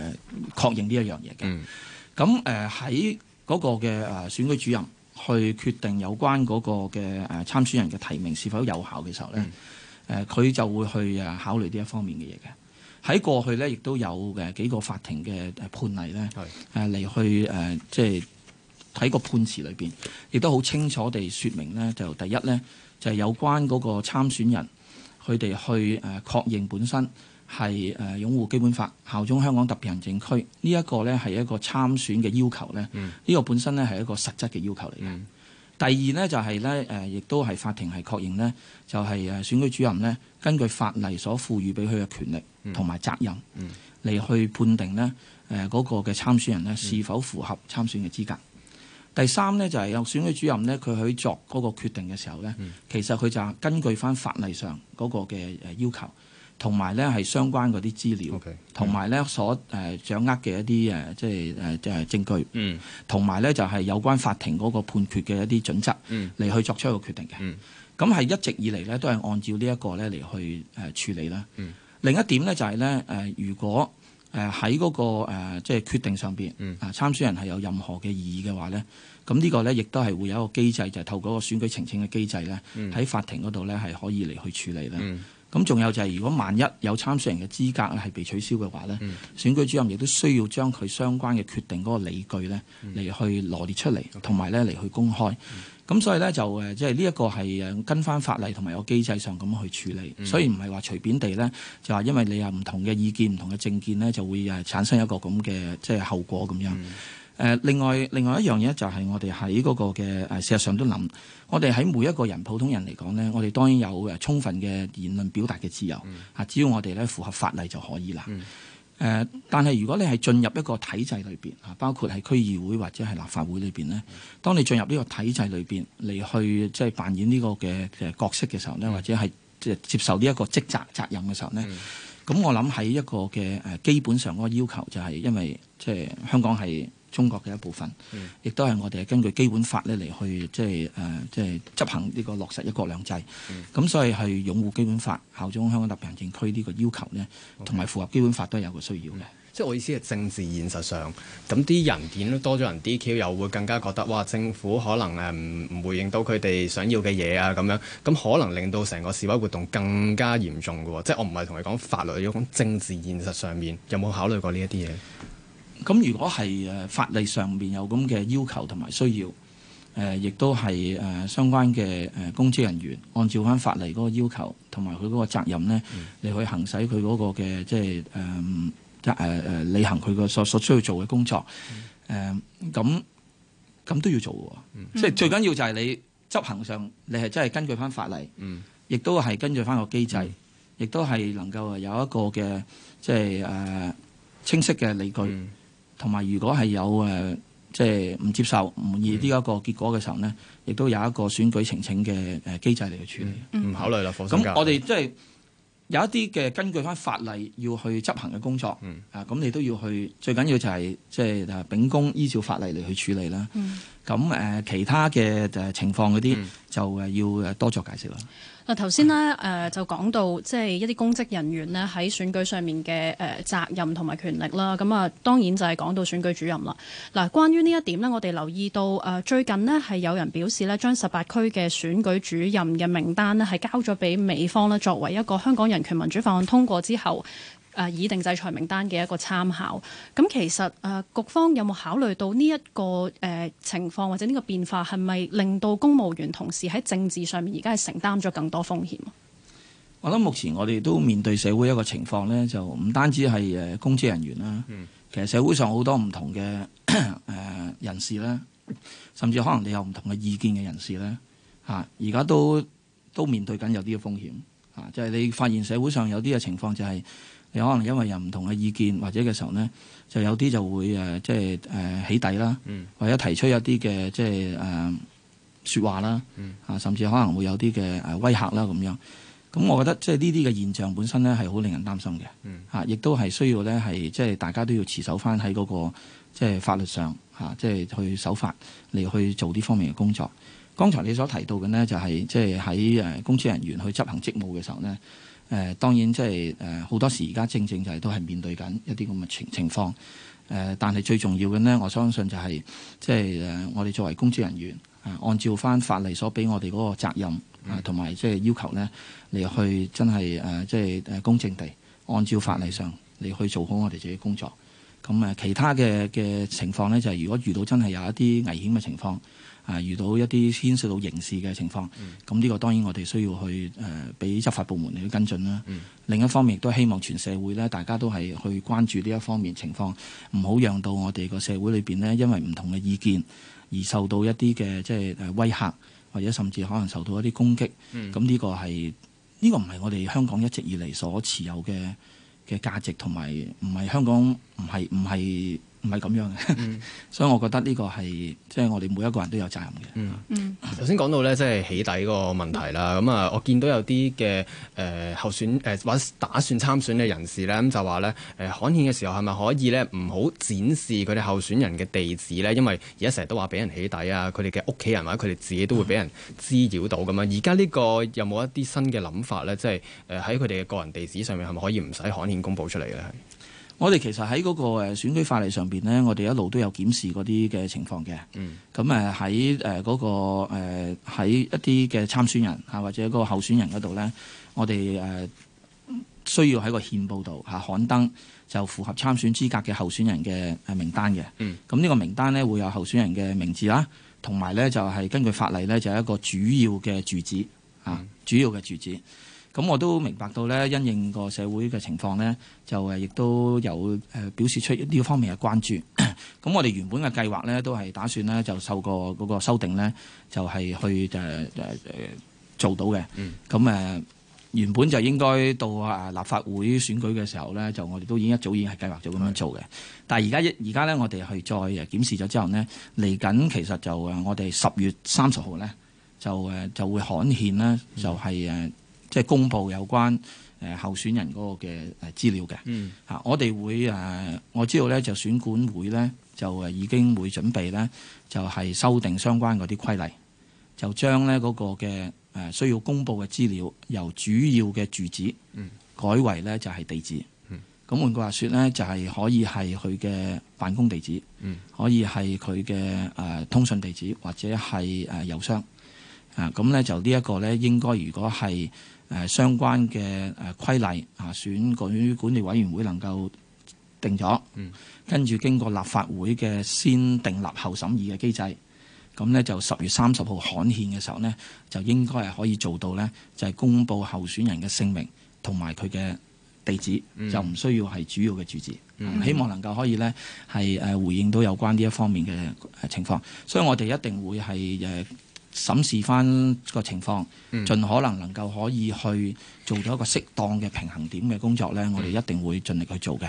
E: 誒確認呢一樣嘢嘅。嗯。咁誒喺嗰個嘅誒選舉主任去決定有關嗰個嘅誒參選人嘅提名是否有效嘅時候咧，誒佢、嗯呃、就會去誒考慮呢一方面嘅嘢嘅。喺過去咧，亦都有誒幾個法庭嘅判例咧，誒嚟是的、呃、去誒、呃、即係睇個判詞裏邊，亦都好清楚地説明咧，就第一咧就係、是、有關嗰個參選人佢哋去誒確認本身。係誒、呃、擁護基本法、效忠香港特別行政區、這個、呢一個呢係一個參選嘅要求咧。呢、嗯、個本身呢係一個實質嘅要求嚟嘅。嗯、第二呢就係、是、呢，誒、呃，亦都係法庭係確認呢，就係誒選舉主任呢根據法例所賦予畀佢嘅權力同埋責任嚟去判定呢誒嗰個嘅參選人呢是否符合參選嘅資格。第三呢就係有選舉主任呢，佢、嗯嗯、去、呃那個就是、作嗰個決定嘅時候呢，其實佢就根據返法例上嗰個嘅誒要求。同埋咧，係相關嗰啲資料，同埋咧所誒掌握嘅一啲誒，即係誒即係證據，嗯，同埋咧就係有關法庭嗰個判決嘅一啲準則，嗯，嚟去作出一個決定嘅，嗯，咁係一直以嚟咧都係按照呢一個咧嚟去誒處理啦，嗯，mm. 另一點咧就係咧誒，如果誒喺嗰個即係決定上邊，啊參選人係有任何嘅異議嘅話咧，咁呢個咧亦都係會有一個機制，就係、是、透過個選舉呈請嘅機制咧，喺法庭嗰度咧係可以嚟去處理咧。Mm. 咁仲有就係，如果萬一有參選人嘅資格係被取消嘅話咧，嗯、選舉主任亦都需要將佢相關嘅決定嗰個理據咧嚟去羅列出嚟，同埋咧嚟去公開。咁、嗯、所以咧就誒，即係呢一個係誒跟翻法例同埋個機制上咁去處理，嗯、所以唔係話隨便地咧就話，因為你有唔同嘅意見、唔、嗯、同嘅政見咧，就會誒產生一個咁嘅即係後果咁樣。嗯嗯。誒另外另外一樣嘢就係我哋喺嗰個嘅誒、啊、事實上都諗，我哋喺每一個人普通人嚟講咧，我哋當然有誒充分嘅言論表達嘅自由，啊、嗯、只要我哋咧符合法例就可以啦。誒、嗯，但係如果你係進入一個體制裏邊啊，包括係區議會或者係立法會裏邊咧，嗯、當你進入呢個體制裏邊嚟去即係、即係、扮演呢個嘅嘅角色嘅時候咧，嗯、或者係即係接受呢、嗯嗯、一個職責責任嘅時候咧，咁我諗喺一個嘅誒基本上嗰個要求就係因為即係、即係、香港係。中國嘅一部分，亦都係我哋根據基本法咧嚟去即係誒即係執行呢個落實一國兩制。咁、嗯、所以係擁護基本法、嗯、效忠香港特別行政區呢個要求呢同埋符合基本
B: 法都有個需要嘅、嗯。即係我意思係政治現實上，咁啲人點都多咗人，DQ 又會更加覺得哇，政府可能誒唔唔會應到佢哋想要嘅嘢啊咁樣，咁可能令到成個示威活動更加嚴重嘅喎。即係我唔係同你講法律，要講政治現實上面有冇考慮過呢一啲嘢？咁如果係誒法例上邊有咁嘅
E: 要求同埋需要，誒亦都係誒相關嘅誒公職人員按照翻法例嗰個要求同埋佢嗰個責任咧，嗯、你可以行使佢嗰個嘅即係誒責誒誒履行佢個所所需要做嘅工作，誒咁咁都要做喎。嗯、即係最緊要就係你執行上，你係真係根據翻法例，亦都係根據翻個機制，亦都係能夠有一個嘅即係誒、呃、清晰嘅理據。嗯同埋，如果係有誒、呃，即係唔接受、唔滿意呢一個結果嘅時候咧，亦、嗯、都有一個選舉呈請嘅誒機制嚟去處理。唔、嗯、考慮啦，放心。咁我哋即係有一啲嘅根據翻法例要去執行嘅工作。嗯、啊，咁你都要去最緊要就係、是、即係秉公依照法例嚟去處理啦。咁誒、嗯呃，其他嘅誒情況嗰啲、嗯、就誒要誒多作解釋啦。
D: 嗱，頭先咧誒就講到即係一啲公職人員咧喺選舉上面嘅誒責任同埋權力啦，咁啊當然就係講到選舉主任啦。嗱，關於呢一點呢，我哋留意到誒最近呢係有人表示呢將十八區嘅選舉主任嘅名單呢係交咗俾美方咧作為一個香港人權民主法案通過之後。誒擬定制裁名單嘅一個參考咁，其實誒局方有冇考慮到呢一個誒情況，或者呢個變化係咪令到公務員同事喺政治上面而家係承擔咗更多風險？
E: 我諗目前我哋都面對社會一個情況咧，就唔單止係誒公職人員啦，嗯、其實社會上好多唔同嘅誒人士咧，甚至可能你有唔同嘅意見嘅人士咧，嚇而家都都面對緊有啲嘅風險啊，就係、是、你發現社會上有啲嘅情況就係、是。你可能因為有唔同嘅意見，或者嘅時候呢，就有啲就會誒，即係誒起底啦，或者提出一啲嘅即係誒説話啦，啊，甚至可能會有啲嘅誒威嚇啦咁樣。
F: 咁我覺
E: 得即係呢啲嘅現象本身呢，係好令人擔心嘅，啊、嗯，亦都係需要呢，係即係大家都要持守翻喺嗰個即係法律上，啊，即係去守法嚟去做呢方面嘅工作。剛才你所提到嘅呢，就係即係喺誒公職人員去執行職務嘅時候呢。誒、呃、當然即係誒好多時而家正正就係都係面對緊一啲咁嘅情情況，誒、呃、但係最重要嘅咧，我相信就係即係誒我哋作為公職人員啊、呃，按照翻法例所俾我哋嗰個責任啊，同埋即係要求咧，嚟去真係誒即係誒公正地按照法例上嚟去做好我哋自己工作。咁、呃、誒其他嘅嘅情況咧，就係、是、如果遇到真係有一啲危險嘅情況。啊！遇到一啲牽涉到刑事嘅情況，咁呢、嗯、個當然我哋需要去誒俾執法部門嚟去跟進啦。嗯、另一方面亦都希望全社會呢，大家都係去關注呢一方面情況，唔好讓到我哋個社會裏邊呢，因為唔同嘅意見而受到一啲嘅即係誒威嚇，或者甚至可能受到一啲攻擊。咁呢、嗯、個係呢、呢個唔係我哋香港一直以嚟所持有嘅嘅價值，同埋唔係香港唔係唔係。唔係咁樣嘅，嗯、 所以我覺得呢個係即係我哋每一個人都有責任嘅。嗯嗯，
B: 頭先講到呢，即係起底嗰個問題啦。咁啊、嗯，我見到有啲嘅誒候選誒或、呃、打算參選嘅人士呢，咁就話呢，誒刊憲嘅時候係咪可以呢？唔好展示佢哋候選人嘅地址呢？因為而家成日都話俾人起底啊，佢哋嘅屋企人或者佢哋自己都會俾人滋擾到咁樣。而家呢個有冇一啲新嘅諗法呢？即係誒喺佢哋嘅個人地址上面係咪可以唔使刊憲公佈出嚟呢？我哋其實喺嗰個誒選舉法例上面咧，我哋一路都有檢視嗰啲嘅情況嘅。嗯。
E: 咁誒喺誒嗰個喺、呃、一啲嘅參選人嚇、啊、或者嗰個候選人嗰度咧，我哋誒、啊、需要喺個憲報度嚇刊登就符合參選資格嘅候選人嘅誒名單嘅。嗯。咁呢個名單咧會有候選人嘅名字啦，同埋咧就係、是、根據法例咧就係、是、一個主要嘅住址嚇主要嘅住址。啊嗯咁我都明白到咧，因應個社會嘅情況咧，就誒亦都有誒、呃、表示出呢方面嘅關注。咁 我哋原本嘅計劃咧，都係打算咧就受個嗰個修訂咧，就係、是、去誒誒誒做到嘅。嗯。咁誒、呃、原本就應該到啊立法會選舉嘅時候咧，就我哋都已經一早已經係計劃咗咁樣做嘅。是但係而家一而家咧，我哋去再檢視咗之後呢，嚟緊其實就誒我哋十月三十號咧就誒就會刊憲咧，就係誒。即係公布有關誒候選人嗰個嘅誒資料嘅，嚇我哋會誒我知道咧就選管會咧就誒已經會準備咧就係修訂相關嗰啲規例，就將咧嗰個嘅誒需要公布嘅資料由主要嘅住址改為咧就係地址，咁換句話說咧就係可以係佢嘅辦公地址，可以係佢嘅誒通訊地址或者係誒郵箱，啊咁咧就呢一個咧應該如果係誒、呃、相關嘅誒規例啊，選舉管理委員會能夠定咗，嗯、跟住經過立法會嘅先訂立後審議嘅機制，咁呢就十月三十號刊憲嘅時候呢，就應該係可以做到呢，就係、是、公布候選人嘅姓名同埋佢嘅地址，嗯、就唔需要係主要嘅住址，嗯、希望能夠可以呢，係誒、呃、回應到有關呢一方面嘅情況，所以我哋一定會係誒。呃審視翻個情況，嗯、盡可能能夠可以去做到一個適當嘅平衡點嘅工作咧，嗯、我哋一定會盡力去做嘅。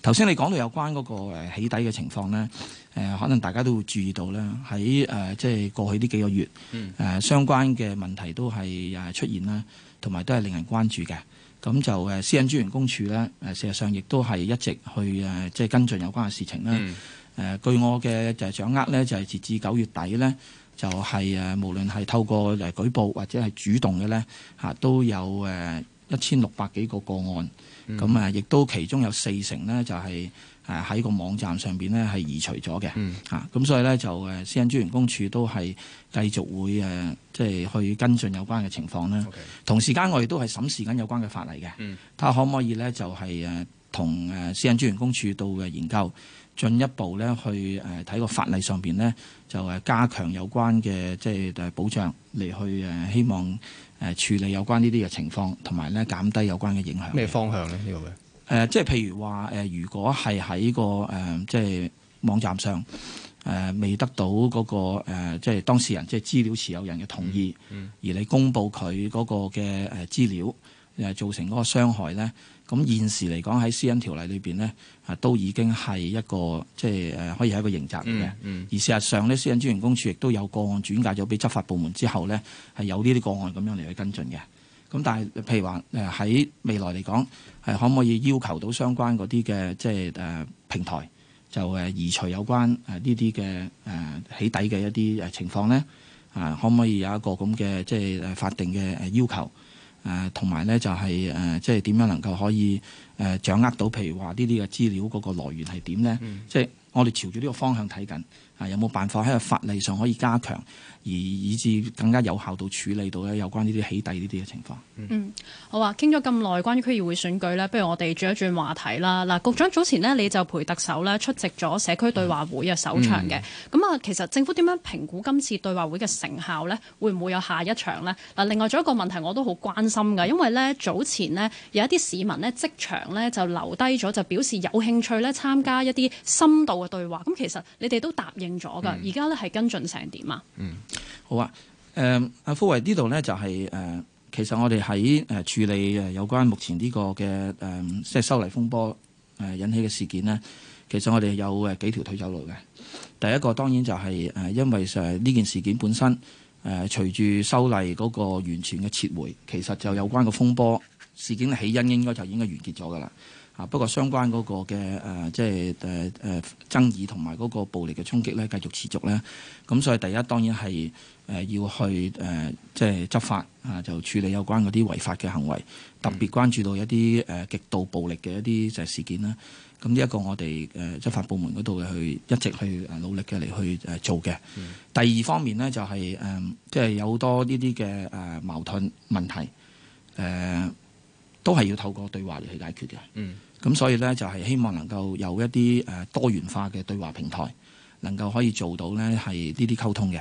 E: 頭先、嗯、你講到有關嗰個起底嘅情況咧，誒、呃、可能大家都會注意到咧，喺誒即係過去呢幾個月誒、嗯呃、相關嘅問題都係誒出現啦，同埋都係令人關注嘅。咁就誒私人資源公署咧誒，事實上亦都係一直去誒即係跟進有關嘅事情咧。誒、嗯呃、據我嘅就係掌握咧，就係截至九月底咧。就係誒，無論係透過誒舉報或者係主動嘅咧嚇，都有誒一千六百幾個個案，
F: 咁啊、嗯，
E: 亦都其中有四成呢，就係誒喺個網站上邊呢，係移除咗嘅嚇，咁、嗯啊、所以咧就誒私隱專員公署都係繼續會誒即係去跟進有關嘅情況啦。Okay. 同時間我亦都係審視緊有關嘅法例嘅，睇下、嗯、可唔可以咧就係誒同誒私隱專員公署度嘅研究。進一步咧去誒睇個法例上邊咧，就係加強有關嘅即係保障嚟去誒希望誒處理有關呢啲嘅情況，同埋咧減低有關嘅影響。咩
B: 方向咧？呢個
E: 誒，即係譬如話誒，如果係喺個誒、呃、即係網站上誒、呃、未得到嗰、嗰個、呃、即係當事人即係資料持有人嘅同意，嗯嗯、而你公佈佢嗰個嘅誒資料誒造成嗰個傷害咧？咁現時嚟講喺私隱條例裏邊咧，啊都已經係一個即係誒可以係一個刑責嘅。嗯嗯。而事實上咧，私隱專員公署亦都有個案轉介咗俾執法部門之後咧，係有呢啲個案咁樣嚟去跟進嘅。咁但係譬如話誒喺未來嚟講，係可唔可以要求到相關嗰啲嘅即係誒平台就誒移除有關誒呢啲嘅誒起底嘅一啲誒情況咧？啊，可唔可以有一個咁嘅即係誒法定嘅誒要求？誒同埋咧就係誒即係點樣能夠可以誒掌握到，譬如話呢啲嘅資料嗰個來源係點咧？即係、嗯、我哋朝住呢個方向睇緊，啊有冇辦法喺個法例上可以加強？而以至更加有效到處理到咧有關呢啲起底呢啲嘅情況。
D: 嗯，好啊，傾咗咁耐關於區議會選舉呢，不如我哋轉一轉話題啦。嗱，局長早前呢，你就陪特首咧出席咗社區對話會嘅首場嘅。咁啊、嗯，其實政府點樣評估今次對話會嘅成效呢？會唔會有下一場呢？嗱，另外仲有一個問題我都好關心㗎，因為呢，早前呢，有一啲市民呢，即場呢就留低咗，就表示有興趣呢參加一啲深度嘅對話。咁其實你哋都答應咗㗎，而家呢，係跟進成點啊？嗯。
E: 好啊，誒、啊，阿福慧呢度呢就係、是、誒、呃，其實我哋喺誒處理誒有關目前呢、這個嘅誒即係修例風波誒引起嘅事件呢，其實我哋有誒幾條腿走路嘅。第一個當然就係誒，因為誒呢件事件本身誒、呃、隨住修例嗰個完全嘅撤回，其實就有關個風波事件嘅起因，應該就應該完結咗噶啦。啊！不過相關嗰個嘅誒、呃，即係誒誒爭議同埋嗰個暴力嘅衝擊咧，繼續持續咧。咁所以第一當然係誒要去誒、呃、即係執法啊，就、呃、處理有關嗰啲違法嘅行為，特別關注到一啲誒、呃、極度暴力嘅一啲就係事件啦。咁呢一個我哋誒執法部門嗰度嘅去一直去努力嘅嚟去誒做嘅。嗯、第二方面咧就係、是、誒、呃、即係有好多呢啲嘅誒矛盾問題誒。呃都係要透過對話嚟去解決嘅，咁、嗯、所以呢，就係希望能夠有一啲誒多元化嘅對話平台，能夠可以做到呢係呢啲溝通嘅。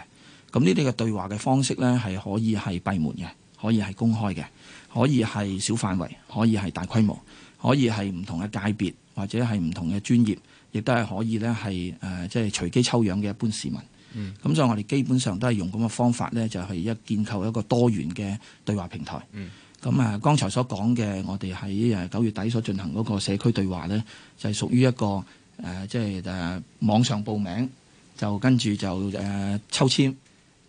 E: 咁呢啲嘅對話嘅方式呢，係可以係閉門嘅，可以係公開嘅，可以係小範圍，可以係大規模，可以係唔同嘅界別或者係唔同嘅專業，亦都係可以呢係誒即係隨機抽樣嘅一般市民。咁、嗯、所以我哋基本上都係用咁嘅方法呢，就係一建構一個多元嘅對話平台。嗯咁啊，剛才所講嘅，我哋喺誒九月底所進行嗰個社區對話咧，就係屬於一個誒、呃，即係誒、啊、網上報名，就跟住就誒、呃、抽籤，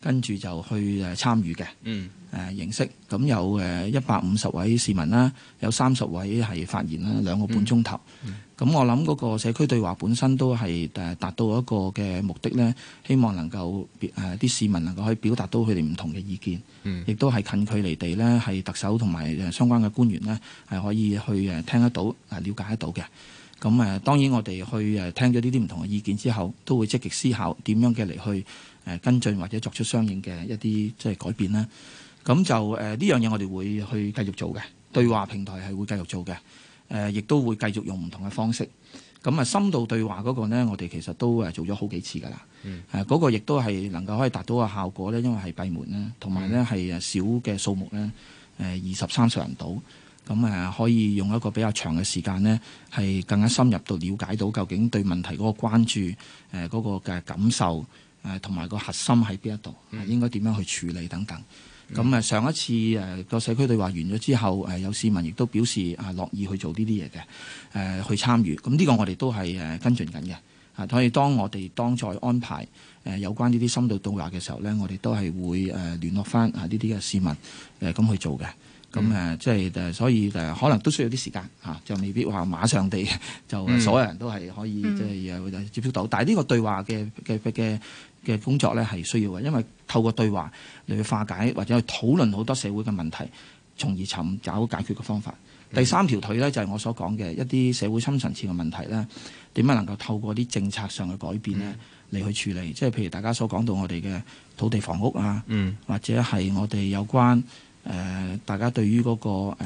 E: 跟住就去誒參與嘅嗯、誒形式。咁有誒一百五十位市民啦，有三十位係發言啦，兩個半鐘頭。嗯嗯嗯咁我諗嗰個社區對話本身都係誒達到一個嘅目的咧，希望能夠誒啲市民能夠可以表達到佢哋唔同嘅意見，亦都係近距離地咧係特首同埋相關嘅官員呢，係可以去誒聽得到誒瞭解得到嘅。咁誒、呃、當然我哋去誒聽咗呢啲唔同嘅意見之後，都會積極思考點樣嘅嚟去誒跟進或者作出相應嘅一啲即係改變咧。咁就誒呢樣嘢我哋會去繼續做嘅，嗯、對話平台係會繼續做嘅。誒，亦、呃、都會繼續用唔同嘅方式，咁、嗯、啊深度對話嗰個咧，我哋其實都誒做咗好幾次㗎啦。誒嗰、嗯啊
F: 這
E: 個亦都係能夠可以達到個效果呢，因為係閉門咧，同埋呢係誒少嘅數目呢，誒二十三十人到，咁、嗯、誒、啊、可以用一個比較長嘅時間呢，係更加深入到了解到究竟對問題嗰個關注誒嗰、呃那個嘅感受誒同埋個核心喺邊一度，應該點樣去處理等等。嗯嗯咁啊，嗯、上一次誒個、呃、社區對話完咗之後，誒、呃、有市民亦都表示啊樂意去做呢啲嘢嘅，誒、呃、去參與。咁、呃、呢、這個我哋都係誒跟進緊嘅。啊，所以當我哋當再安排誒、呃、有關呢啲深度對話嘅時候咧，我哋都係會誒聯、呃、絡翻啊呢啲嘅市民誒咁、呃、去做嘅。咁、呃、誒、嗯呃、即係誒，所以誒可能都需要啲時間嚇、啊，就未必話馬上地 就所有人都係可以即係誒接觸到。嗯、但係呢個對話嘅嘅嘅。嘅工作呢係需要嘅，因為透過對話嚟去化解或者去討論好多社會嘅問題，從而尋找解決嘅方法。嗯、第三條腿呢，就係我所講嘅一啲社會深層次嘅問題呢，點樣能夠透過啲政策上嘅改變呢？嚟、嗯、去處理？嗯、即係譬如大家所講到我哋嘅土地房屋、嗯呃嗰個呃、啊，或者係我哋有關誒大家對於嗰個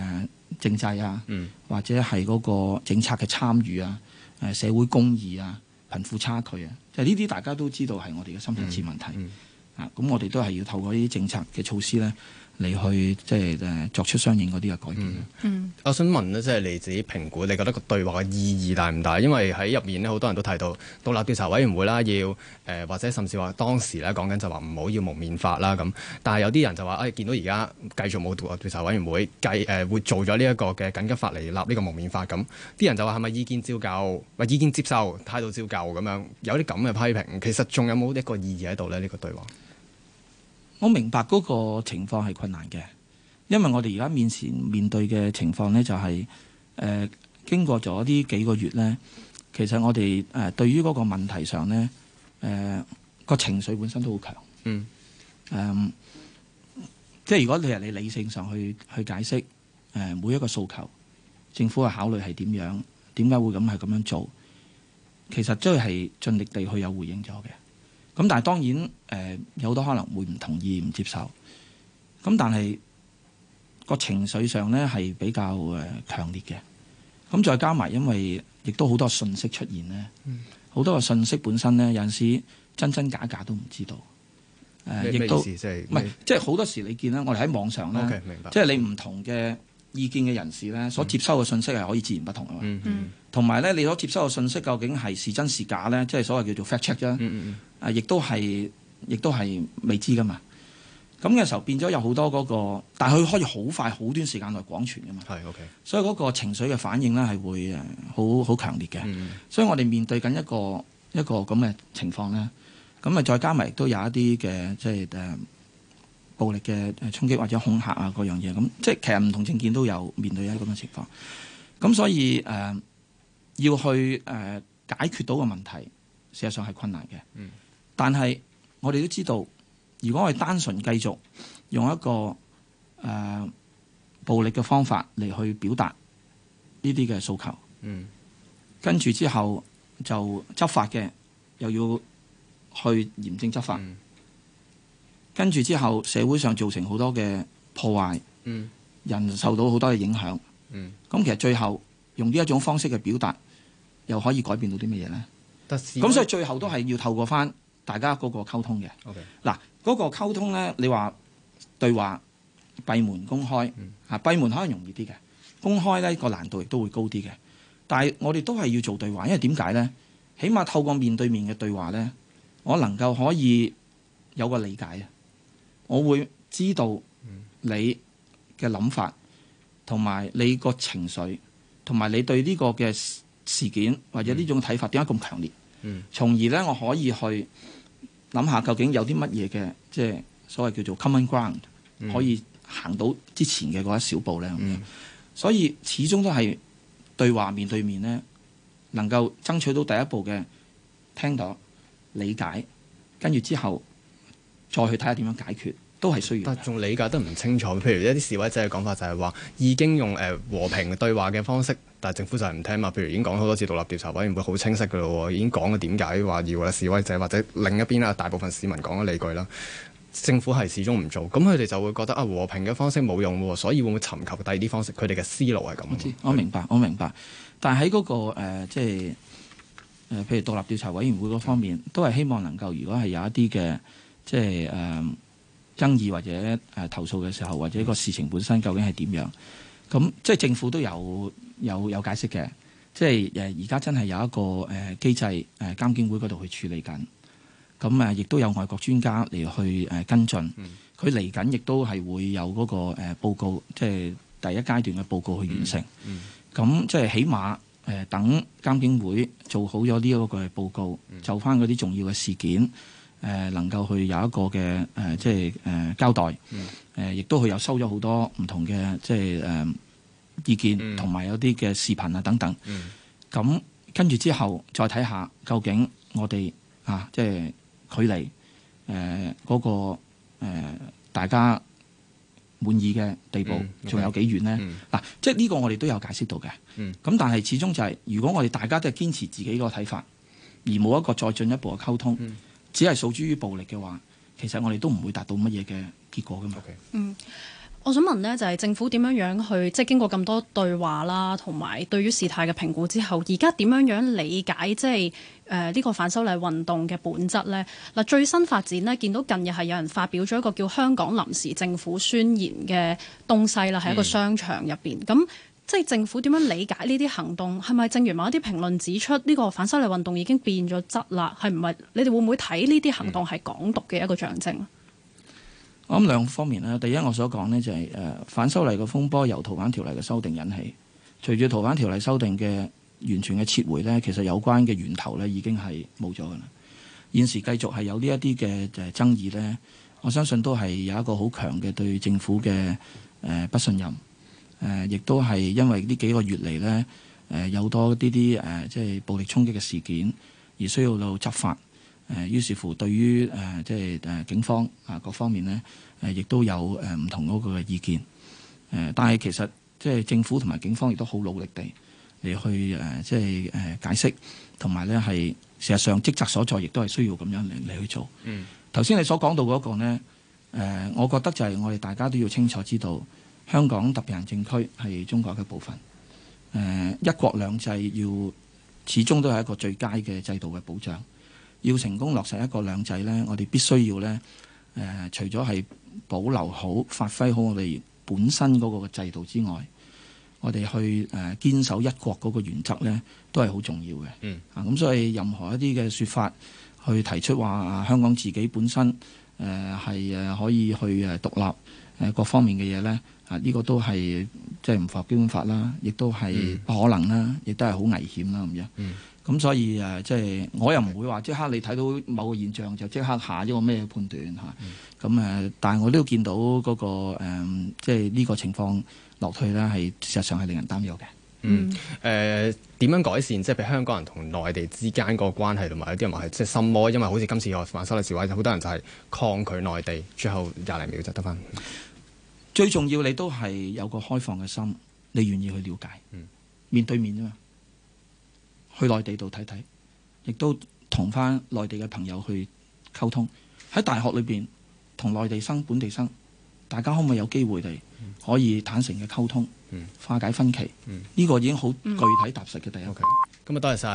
E: 政制啊，或者係嗰個政策嘅參與啊，誒社會公義啊。啊貧富差距啊，就呢啲大家都知道係我哋嘅深層次問題，嗯嗯、啊，咁我哋都係要透過呢啲政策嘅措施咧。你去即係誒作出相應嗰啲嘅改變。嗯，
B: 嗯我想問咧，即、就、係、是、你自己評估，你覺得個對話嘅意義大唔大？因為喺入面呢，好多人都提到獨立調查委員會啦，要、呃、誒或者甚至話當時咧講緊就話唔好要蒙面法啦咁。但係有啲人就話，誒、哎、見到而家繼續冇獨立調查委員會，繼誒、呃、會做咗呢一個嘅緊急法嚟立呢個蒙面法咁。啲人就話係咪意見照舊，咪意見接受，態度照舊咁樣？有啲咁嘅批評，其實仲有冇一個意義喺度呢？呢、呢個對話？我明白嗰個情況係困難嘅，因為我哋而
E: 家面前面對嘅情況呢、就係，就係誒經過咗呢幾個月呢，其實我哋誒、呃、對於嗰個問題上呢，誒、呃、個情緒本身都好強。嗯。誒、呃，即係如果你係你理性上去去解釋，誒、呃、每一個訴求，政府嘅考慮係點樣？點解會咁係咁樣做？其實都係盡力地去有回應咗嘅。咁但係當然，誒、呃、有好多可能會唔同意、唔接受。咁但係個情緒上咧係比較誒、呃、強烈嘅。咁再加埋，因為亦都好多信息出現咧，好、嗯、多個信息本身咧有陣時真真假假都唔知道。誒、呃，亦、即係、都唔係，即係好多時你見啦，我哋喺網上咧，即係、Okay, 你唔同嘅。意見嘅人士咧，所接收嘅信息係可以自然不同啊嘛。嗯嗯、mm。同埋咧，你所接收嘅信息究竟係是，是真是假咧，即係所謂叫做 fact check 啦，啊，亦、mm hmm. 啊、都係，亦都係未知噶嘛。咁嘅時候變咗有好多嗰、那個，但係佢可以好快好短時間內廣傳噶嘛。係，OK、mm。Hmm. 所以嗰個情緒嘅反應咧係會誒好好強烈嘅。Mm hmm. 所以我哋面對緊一個一個咁嘅情況咧，咁啊再加埋亦都有一啲嘅即係誒。Uh, 暴力嘅誒衝擊或者恐嚇啊嗰樣嘢咁，即係其實唔同政見都有面對一個咁嘅情況。咁所以誒、呃、要去誒、呃、解決到個問題，事實上係困難嘅。嗯。但係我哋都知道，如果我哋單純繼續用一個誒、呃、暴力嘅方法嚟去表達呢啲嘅訴求，嗯。跟住之後就執法嘅，又要去嚴正執法。嗯。跟住之後，社會上造成好多嘅破壞，嗯、人受到好多嘅影響。咁、嗯、其實最後用呢一種方式嘅表達，又可以改變到啲乜嘢呢？咁是所以最後都係要透過翻大家嗰、嗯、個溝通嘅。嗱，嗰個溝通呢，你話對話閉門公開嚇閉、嗯、門可能容易啲嘅，公開呢個難度亦都會高啲嘅。但係我哋都係要做對話，因為點解呢？起碼透過面對面嘅對話呢，我能夠可以有個理解啊。我會知道你嘅諗法，同埋你個情緒，同埋你對呢個嘅事件或者呢種睇法點解咁強烈，從而呢，我可以去諗下究竟有啲乜嘢嘅，即係所謂叫做 common ground 可以行到之前嘅嗰一小步呢。嗯、所以始終都係對話面對面呢，能夠爭取到第一步嘅聽到理解，跟住之後。
B: 再去睇下點樣解決，都係需要。但仲理解得唔清楚，譬如一啲示威者嘅講法就係話，已經用誒和平對話嘅方式，但係政府就係唔聽嘛。譬如已經講好多次獨立調查委員會好清晰嘅咯，已經講咗點解話要示威者或者另一邊啊大部分市民講咗理據啦，政府係始終唔做，咁佢哋就會覺得啊和平嘅方式冇用，所以會唔會尋求第二啲方式？佢哋嘅思路係咁。我知，是我明白，我明白。但係喺嗰個、呃、即係
E: 誒、呃，譬如獨立調查委員會嗰方面，都係希望能夠，如果係有一啲嘅。即係誒、呃、爭議或者誒、呃、投訴嘅時候，或者個事情本身究竟係點樣？咁即係政府都有有有解釋嘅。即係誒而家真係有一個誒、呃、機制誒、呃、監警會嗰度去處理緊。咁、呃、啊，亦都有外國專家嚟去誒跟進。佢嚟緊亦都係會有嗰、那個誒、呃、報告，即係第一階段嘅報告去完成。咁、嗯嗯、即係起碼誒、呃、等監警會做好咗呢一個嘅報告，就翻嗰啲重要嘅事件。嗯誒、呃、能夠去有一個嘅誒、呃，即係誒、呃、交代誒，亦、mm. 呃、都佢有收咗好多唔同嘅，即係誒、呃、意見同埋有啲嘅視頻啊等等。咁跟住之後再睇下，究竟我哋啊，即係距離誒嗰、呃嗰個、呃、大家滿意嘅地步仲有幾遠呢？嗱、mm. 啊，即係呢個我哋都有解釋到嘅。咁、mm. 但係始終就係、係，如果我哋大家都係堅持自己個睇法，而冇一個再進一步嘅溝通。Mm. 只係訴諸於暴力嘅話，其實我哋都唔會達到乜嘢嘅結果噶嘛。Okay. 嗯，
D: 我想問呢，就係、是、政府點樣樣去即係、就是、經過咁多對話啦，同埋對於事態嘅評估之後，而家點樣樣理解即係誒呢個反修例運動嘅本質呢？嗱，最新發展呢，見到近日係有人發表咗一個叫《香港臨時政府宣言》嘅東西啦，喺一個商場入邊咁。Yeah. 即係政府點樣理解呢啲行動？係咪正如某一啲評論指出，呢、這個反修例運動已經變咗質啦？係唔係？你哋會唔會睇呢啲行動係港獨嘅一個象徵？
E: 嗯、我諗兩方面啦。第一，我所講呢就係、是、誒、呃、反修例嘅風波由逃犯條例嘅修訂引起。隨住逃犯條例修訂嘅完全嘅撤回呢，其實有關嘅源頭呢已經係冇咗噶啦。現時繼續係有呢一啲嘅誒爭議咧，我相信都係有一個好強嘅對政府嘅誒、呃、不信任。誒，亦、呃、都係因為呢幾個月嚟咧，誒、呃、有多啲啲誒，即係暴力衝擊嘅事件，而需要到執法。誒、呃，於是乎對於誒、呃，即係誒警方啊，各方面咧，誒、呃、亦都有誒唔同嗰個意見。誒、呃，但係其實即係政府同埋警方亦都好努力地嚟去誒、呃，即係誒、呃、解釋，同埋咧係事實上職責所在，亦都係需要咁樣嚟嚟去做。嗯。頭先你所講到嗰個咧、呃，我覺得就係我哋大家都要清楚知道。香港特別行政區係中國嘅部分。誒、呃、一國兩制要始終都係一個最佳嘅制度嘅保障。要成功落實一國兩制呢，我哋必須要呢，誒、呃，除咗係保留好、發揮好我哋本身嗰個制度之外，我哋去誒、呃、堅守一國嗰個原則呢，都係好重要
F: 嘅。
E: 嗯。啊，咁所以任何一啲嘅説法去提出話香港自己本身誒係誒可以去誒獨立。誒各方面嘅嘢咧，啊、這、呢個都係即係唔符合基本法啦，亦都係不可能啦，亦、嗯、都係好危險啦。咁樣咁所以誒，即、就、係、是、我又唔會話即刻你睇到某個現象、嗯、就即刻下一個咩判斷嚇。咁誒、嗯，但係我都見到嗰、那個，即係呢個情況落去咧，係事實上係令人擔憂嘅。嗯
B: 誒點、呃、樣改善？即係畀香港人同內地之間個關係，同埋有啲人話係即係心魔，因為好似今次我發生嘅事話，好多人就係抗拒內地，最後廿零秒就得翻。最重要，你都係有
E: 個開放嘅心，你願意去了解，面對面啊嘛，去內地度睇睇，亦都同翻內地嘅朋友去溝通，喺大學裏邊同內地生、本地生，大家可唔可以有機會地可以坦誠嘅溝通，化解分歧？呢、嗯嗯、個已經好具體踏實嘅第一步、嗯、ok 謝謝。
B: 咁啊，多謝晒。